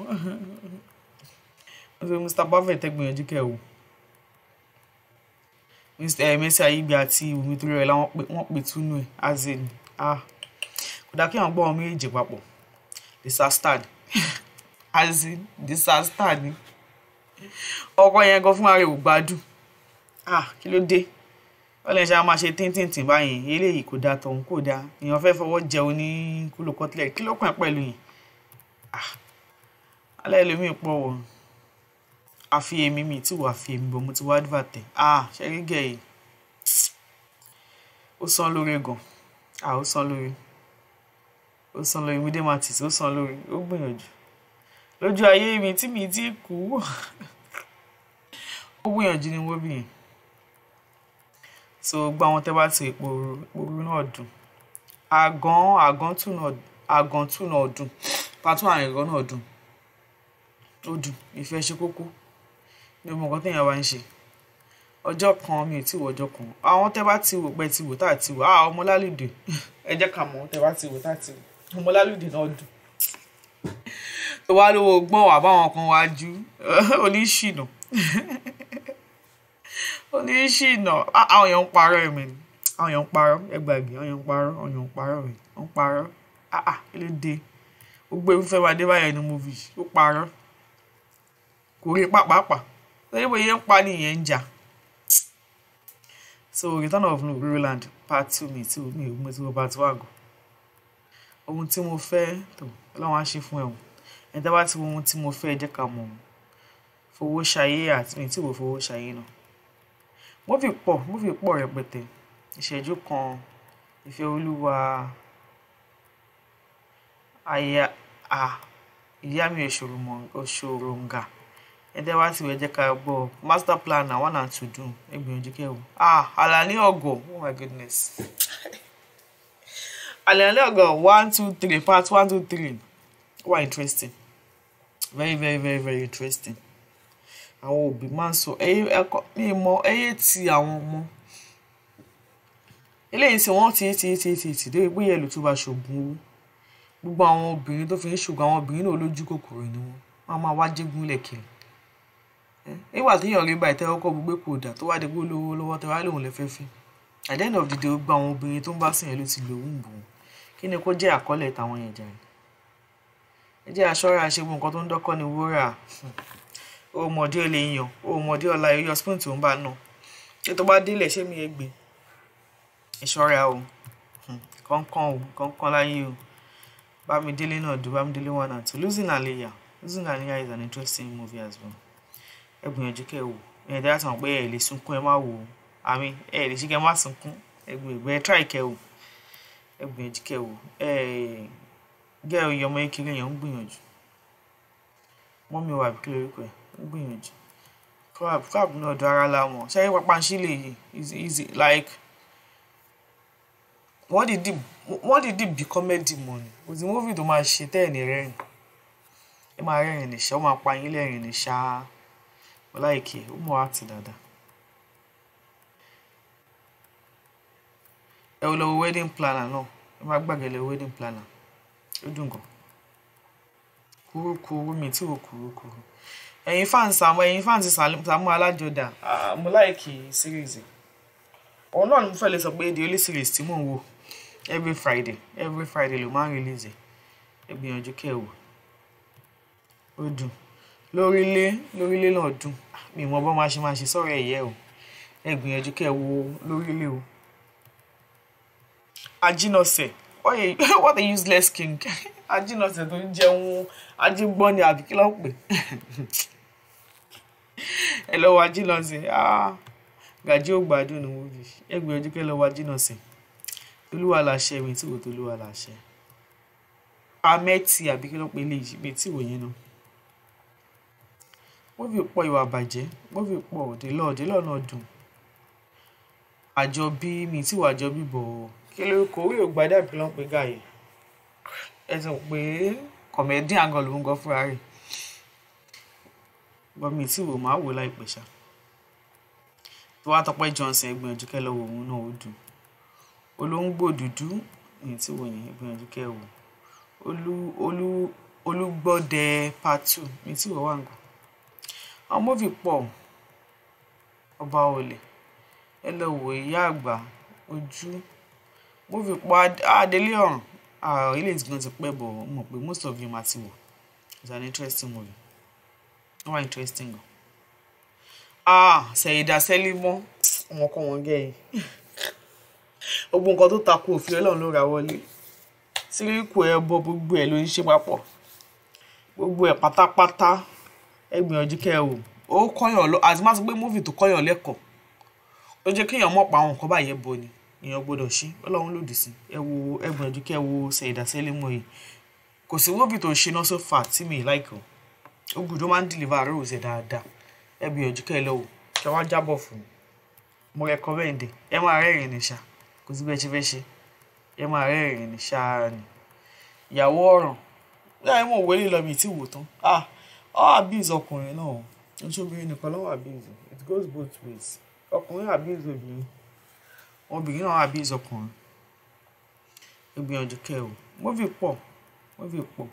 mo ti wo mr perfect ẹ gbìyànjú kẹ́ wò mr eh, Mercy Aigbe àti Wunmi Toriola wọ́n pè túnú ẹ as in ah kò dá kí àwọn gbọ́ ọmọ méjèèjì papọ̀ disaster as in disaster ni ọkọ yẹn gan fúnra rẹ̀ ò gbádùn ah kí ló dé wọ́n lè ṣe àwọn máa ṣe tíntìntìn báyìí eléyìí kò dáa tọ̀hún kò dáa èèyàn fẹ́ fọwọ́ jẹun ní kúlò kọ́tílẹ̀ kí ló kàn ẹ́ yìí ah alẹ́ lómi pọ̀ wọ̀ àfi èmi mi tí wàá fi èmi bọ̀ mo ti wá dùbà ah ṣe rí gẹ̀ yìí ó san lórí gan ah ó san lórí ó san lórí mídé matis ó san lórí ó gbìyànjú lójú ayé mi tí mi ti kú ó gbìyànjú ni wọ́n bìyàn so gbọ́ àwọn tẹ́ bá ti epo ooru náà dùn àgàn àgàn tù náà àgàn tù náà dùn pàtó àrùn ìrọ̀ náà dùn ó dùn ìfẹ́ ṣe kókó ní ọmọ nǹkan téèyàn bá ń ṣe ọjọ́ kan mi ò tí wọ ọjọ́ kan àwọn tẹ́ bá ti wò pẹ́ ti wò tá ti wò á ah, ọmọ lálùdè ẹ jẹ́ ká mọ̀ tẹ́ bá ti wò tá ti wò ọmọ lálùdè náà dùn tó wá lówó gbọ́n wà báwọn kan wájú oníṣìnà oníṣìnà àwọn èèyàn ń parọ́ ẹ̀ mi àwọn èèyàn ń parọ́ ẹgbàgbé àwọn èèyàn ń parọ́ àwọn èèyàn ń parọ́ mi wọ́n ń parọ́ àà ló dé gbogbo irúfẹ́ wa dé báyẹn ní movie ó parọ́ kò rí pàpàpà lórí bóyá ń pa nìyẹn ń jà so return of Noboroland part two mi tí mi ò mú tí mo bá ti wà gùn ohun tí mo fẹ́ tó ọlọ́run á ṣe fún ẹ̀wọ̀n ẹ̀dá bá ti wo ohun tí mo fẹ́ jẹ́ ká mọ̀ fowó ṣayé àti mi tí mo fowó ṣayé náà múfì pọ̀ múfì pọ̀ rẹpẹtẹ ìṣẹ́jú kan ìfẹ́ olúwa àyà à ìyá mi òṣòròǹgà ẹdẹ wá sí ẹjẹ ká gbọ́ master planner one and two dùn ẹgbìyànjú kẹwò ah Alani Ogo oh my goodness Alani Ogo one two three part one two three wà interesting very very very very interesting àwọn òbí máa ń sọ ẹkọ mi mọ ẹyẹ ti àwọn ọmọ eléyìí sì wọ́n ti ti ti ti ti débi pé yẹlò tó bá ṣògùn owó gbogbo àwọn obìnrin tó fi ń ṣògùn àwọn obìnrin náà lójú kòkòrò ni wọ́n wọ́n máa wá jégún lẹ̀ kiri nígbà tí yọ̀ọ̀rí bá ìtẹ́wọ́ kọ́ gbogbo kò dà tó wá dé gbogbo lówó lọ́wọ́ tẹ́wá lòun lè fẹ́ fi at the end of the day gbogbo àwọn obìnrin tó ń bá sìn yẹn ló ti lò ń bù wọn kí ni kó jẹ́ àkọlé tàwọn yẹn jẹ́ ẹ jẹ́ aṣọ́ra ṣe gbogbo nǹkan tó ń dọ́kọ́ ni wúrà ọmọdé ò lè yàn ọmọdé ọ̀la yọ spoon tó ń bá nà ṣé tó bá délẹ̀ ṣé mi ẹ gbé ìṣọ́ra o hmm, kọ̀ọ̀kan o kọ̀ọ̀kan láyé o Bámidélé náà do Bámidélé one and two Losing Aliya, Losing Aliya is an interesting movie as well ẹ gbìyànjú kẹ́ wò ẹ dára sàn pé ẹ lè sunkún ẹ má wò ó àmì ẹ lè ṣe kẹ́ má sunkún ẹ gbìyànjú ẹ try kẹ́ wò ẹ gbìyànjú kẹ́ wò ẹ gẹ́ oyè ọmọ yẹn kiri yẹn ń gbìyànjú mọ́mí wa àbíkí lórúkọ ẹ̀ gbìyànjú crab crab ní ọ̀dọ̀ ara làwọn ṣe é papanṣílè yìí is easy like wọ́n dìdí wọ́n dìdí bí comedy money kò sí movie tó máa ṣe tẹ́ẹ̀nì rẹ́rìn ẹ máa rẹ́rìn ní ṣá ó máa pa yín lẹ́rìn ní ṣá mo láìkè ó mọ̀ á ti dáadáa. ẹ ò lọ wedding planner náà ẹ máa gbàgbé lọ wedding planner ó dùn gan kúrúkúrú mi tí ò kúrúkúrú ẹ̀yin fans àwọn ẹ̀yin fans Sàámú Alájọdà ah, mo láìkì series òun náà ni mo fẹ́ lè sọ pé the only series tí mò ń wò every friday every friday ló máa ń release ẹ gbìyànjú kẹ́ ẹ wò ó dùn lórílé lórílé náà dùn mi mọ bó máa ṣe máa ṣe sọ̀rọ̀ ẹ̀yẹ o ẹ gbìyànjú kẹ́ ẹ wò lórílé o. ajínọ̀sẹ̀ what a useless king ajínọ̀sẹ̀ tó ń jẹun ajígbọ́n ni àbí kí ẹ lọ wá jìnnà sí ah, gàjí ò gbádùn ní wọ́n yìí ẹ gbìyànjú kẹ́ lọ wá jìnnà sí olúwa làṣẹ mi tí wò tó olúwa làṣẹ amẹ́tì àbí kí ló pe eléyìí mi tí wò yẹn náà wọ́n fi pọ̀ ìwà àbàjẹ́ wọ́n fi pọ̀ òde lọ́ọ̀dẹ́ lọ́nà dùn àjọbí mi tí wà àjọbí bọ̀ kí ló kọ owó ògbádà bí ló ń pe gáyé ẹ sọ pé kọ̀mẹ́dín àgọ́ ló ń gọ́ fúnra rẹ̀ gbọ́mi tí wò máa wò láìpẹ́ ṣá tó wá Tọ́pẹ́ Johnson ẹgbìyànjú kẹ́ lọ wò òun náà ó dùn olóńgbò dúdú ní tí wò yẹn ẹgbìyànjú kẹ́ wò olú olú olúgbọ́dẹ part two ní tí wò wà nǹkan àwọn móvì pọ̀ ọba olè ẹ lọ wò ìyá àgbà ojú móvì pọ̀ adélé ọ̀run ilé ah, ìtìgbọ̀n ti pẹ́ bọ̀ mọ̀ pé most of you ma ti wò it's an interesting movie wọ́n interesting. ah Sẹ̀yìndà Sẹ́límọ́ wọn kọ́ wọn gẹ́ yìí gbogbo nǹkan tó takò òfin ọlọ́run ló ra wọlé síríkù ẹbọ gbogbo ẹ̀ ló ń ṣe papọ̀ gbogbo ẹ̀ pátápátá ẹ gbìyànjú kẹ́ ẹ wò ó kọ́yàn lọ àti má sọ pé múfì tó kọ́yàn lẹ́kọ̀ọ́ ó jẹ́ kéèyàn mọ̀ pa àwọn nǹkan báyẹn bọ ni èèyàn gbọ́dọ̀ ṣe ọlọ́run lòdì sí ẹ wo ẹ gbìyànjú kẹ́ ẹ wo Sẹ̀yìndà Sẹ́límọ́ yìí kò sí múfì tó ṣe náà so tí mi ì láìkọ̀ọ́ Ogudo máa ń deliver arrows ẹ̀ dáadáa ẹ gbìyànjú kẹ́ ẹ lọ wò kí wọ́n á jábọ̀ fún mi mo recommend ẹ máa rẹ́rìn ní ṣá kò sí bẹ́ẹ̀ ṣe ẹ máa rẹ́rìn ní ṣáá ni ìyàwó ọ̀ràn láì mọ̀ wọlé lọ mi tí wò tán ah ọ́ abuse ọkùnrin náà oṣooṣobìnrin nìkan lọ́wọ́ abuse it goes both ways ọkùnrin abuse obìnrin obìnrin náà abuse ọkùnrin ẹ gbìyànjú kẹ́ ẹ wò móvì pọ̀ móvì pọ̀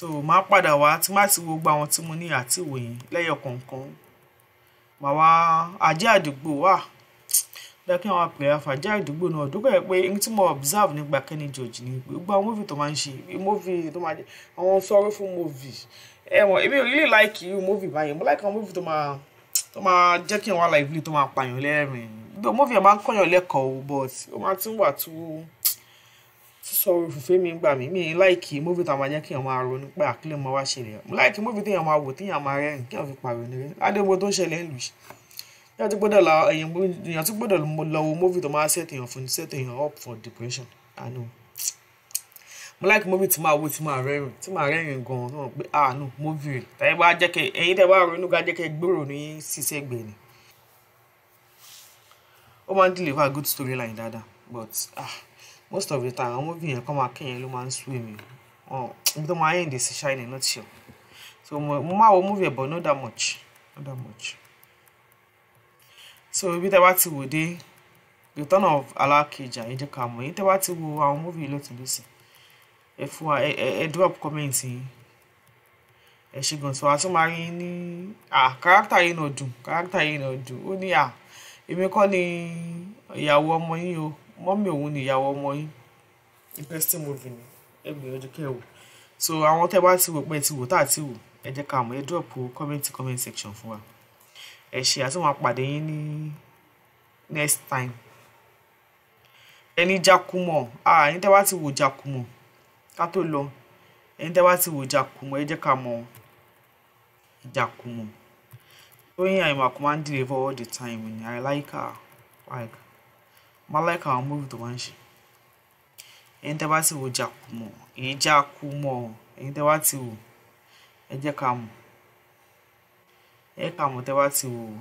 so máa padà wá tí má ti wo gba àwọn tí mo ní àti ìwòyìn lẹ́yọ kọ̀ọ̀kan màá wá ajé àdúgbò wà dákẹ́ àwọn apẹ̀rẹ̀ àfàjẹ́ àdúgbò náà dúpẹ́ pé n tí mo observe nígbà Kenny George ni gbogbo àwọn movie tó máa ń ṣe movie tó máa jẹ àwọn sorrowful movie ẹ̀wọ̀n èmi ò really like you movie báyìí mo like àwọn movie tó máa tó máa jẹ́ kí n wá lively tó máa pààyàn lẹ́rìn-ín movie ẹ̀ máa ń kọ́yàn lẹ́kọ̀ọ́ but ó máa ti ń wà too sísọ òfìfé mi gbà mí mi láìkì móvì tó máa jẹ́ kí èèyàn máa ronú pé àkílẹ̀ mọ́ wá ṣe nìyẹn mo láìkì móvì téèyàn máa wò téèyàn máa rẹ́rìn kéèyàn fi pààrọ̀ ní rẹ́ ládéwò tó ń ṣẹlẹ̀ ń lù sí èèyàn tí gbọ́dọ̀ la èèyàn tí gbọ́dọ̀ lọ wo móvì tó máa set èèyàn fún set èèyàn up for depression àánú mo láìkì móvì tí máa wò tí máa rẹ́rìn tí máa rẹ́rìn gan-an tó mọ̀ pé àánú móvì rẹ̀ tàyẹ̀ bá jẹ́ kẹ́ ẹ̀yin tẹ́ bá ronú ga jẹ́ kẹ́ gbèrò ní sísẹ́ gbẹ̀ ni ó máa a good storyline dáadáa but ah most of the time àwọn movie yẹn kọ́ máa kéèyàn ló máa ń sú èmi ibi tó máa end is shining not you so mo máa wo movie but not that much not that much so ibi tẹ́ bá ti wò dé return of Alákejì Ayinde Kamo yìí tẹ́ bá ti wo àwọn movie yìí lọ́tún lọ́sìn ẹ fún wa ẹ ẹ drop comment yìí ẹ ṣe gan so a tún máa rí ní à character, yìí náà dùn kárátà yìí náà dùn ó ní à èmi kọ́ ni ìyàwó ọmọ yín o mọ́mì òun ni ìyàwó ọmọ yín interesting movie ni ẹ gbìyànjú kẹ́ wò so àwọn tẹ́ bá ti wò pé ti wò tá àti wò ẹ jẹ́ ká mọ̀ ẹ drop comment comment section fún wa ẹ ṣe àti wọn pàdé yín ní next time ẹni Jakumọ ah ẹni tẹ́ bá ti wò Jakumọ ká tó lọ ẹni tẹ́ bá ti wò Jakumọ ẹ jẹ́ ká mọ̀ Jakumọ Toyin Aimo Akuman deliver all the time ni I like her like máa like àwọn movie tó máa ń ṣe ẹ̀yin tẹ́ bá ti wò Jàkùmọ̀ ẹ̀yin Jàkùmọ̀ ẹ̀yin tẹ́ bá ti wò ẹ jẹ́ ká mọ̀ ẹ ká mọ̀ tẹ́ bá ti wò ó.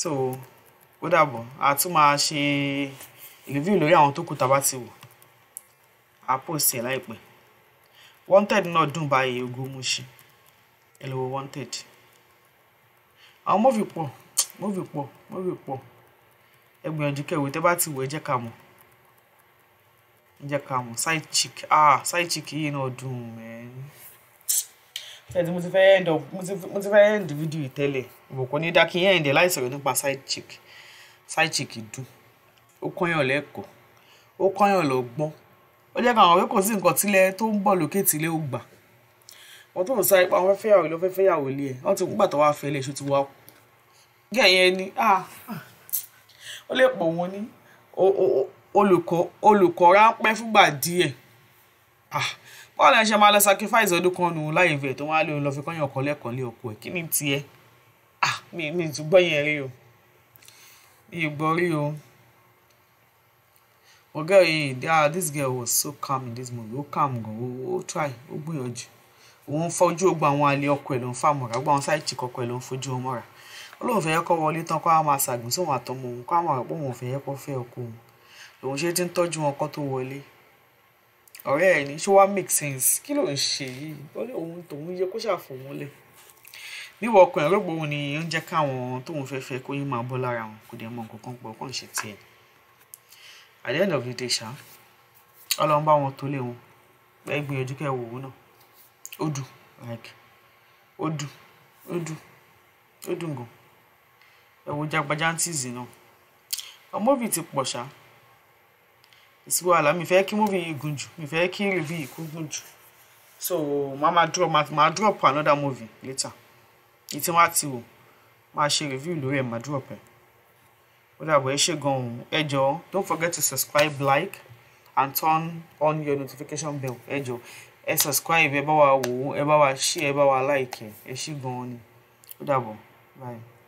so ó dàbọ̀ a tún máa ṣe review lórí àwọn tó kù tá a bá ti wò a post láìpẹ́ wanted náà báyìí ogún mú ṣe ẹ lọ wo wanted àwọn mọ́fì pọ̀ mọ́fì pọ̀ mọ́fì pọ̀ ẹ gbìyànjú kẹwé tẹ bá ti wò ẹ jẹ́ ká mọ̀ ẹ jẹ́ ká mọ̀ side chick ah side chick yìí náà dùn mẹ́rin tẹ́tí mo ti fẹ́ end of video yìí tẹ́lẹ̀ ìbùkún ní dákì yẹn ẹ̀ǹdẹ̀ láì sọ̀rọ̀ nípa side chick side chick dùn ó kọ́yàn lẹ́kọ̀ọ́ ó kọ́yàn lọ́gbọ́n ó jẹ́ káwọn pé kò sí nǹkan tílẹ̀ tó ń bọ̀ lókè tílẹ̀ ó gbà wọn tó ń sáré pa wọn fẹ́ ló fẹ́ fẹ́ ilé ẹ̀ wọ́n ti gbà wá fẹ́ ilé ti wá kí ẹ̀yẹn ni ó lè pọ̀ wọn ní olùkọ́ ráńpẹ́ fúgbà díẹ̀ báwo ni máa lọ sacrifice ọdún kan nù láyé ìfẹ́ tó máa lóun lọ fi kọ́yàn ọkọ lẹ́kọ̀ọ́ lé ọkọ ẹ̀ kí ni tiẹ̀ mi mi tún gbọ́ yẹn rí o mi ò gbọ́ rí o ọ̀gá yìí this girl was so calm in this movie ó calm gan ó try ó gbìyànjú òun fojú ogun àwọn àlè ọkọ ẹ̀ ló ń fàmọ̀ra gbọ́ àwọn sáìtì kọkọ ẹ̀ ló ń fojú wọn mọ́ra olóhùn fẹ́ kọ́ wọlé tán kó àwọn àṣàgùn sóhun àtọmọ òun kó àwọn àrùpọ̀ òun fẹ́ kọ́ fẹ́ ọkọ òun lòun ṣe ti ń tọ́jú wọn kó tó wọlé ọ̀rẹ́ ẹ̀ ní ṣó wá make sense kí ló ń ṣe yìí ó ní òun tòun yẹ kó ṣàfòun lẹ̀ níwọ̀ ọkọ ẹ̀ rògbò òun ni oúnjẹ káwọn tóun fẹ́ fẹ́ kó yín máa bọ́ lára wọn kò dé mọ nǹkan kan pọ̀ kàn ṣe tiẹ̀ at the end of the day ṣá ọlọ́run bá wọn tó lé wọn ẹ gbìyànjú kẹ́ wò ó náà ó dùn like ó dùn ó dùn ó dùn gan ẹ wo jagbajantizi náà ọmọ bíi ti pọ̀ ṣá ìsìnkú wàhálà mi fẹ́ kí móvì yìí gùn jù mi fẹ́ kí rìbí yìí kú gùn jù so màá ma drop màá drop another movie later ìtí wọn á ti wò máa ṣe review lórí ẹ̀ màá drop ẹ̀ ó dàbọ̀ ẹ ṣe gan-an ẹ jọ̀ọ́ don't forget to subscribe like and turn on your notification bell ẹ jọ̀ọ́ ẹ subscribe ẹ bá wa wò ó ẹ bá wa share ẹ bá wa like ẹ ṣé gan-an ni ó dàbọ̀ bye.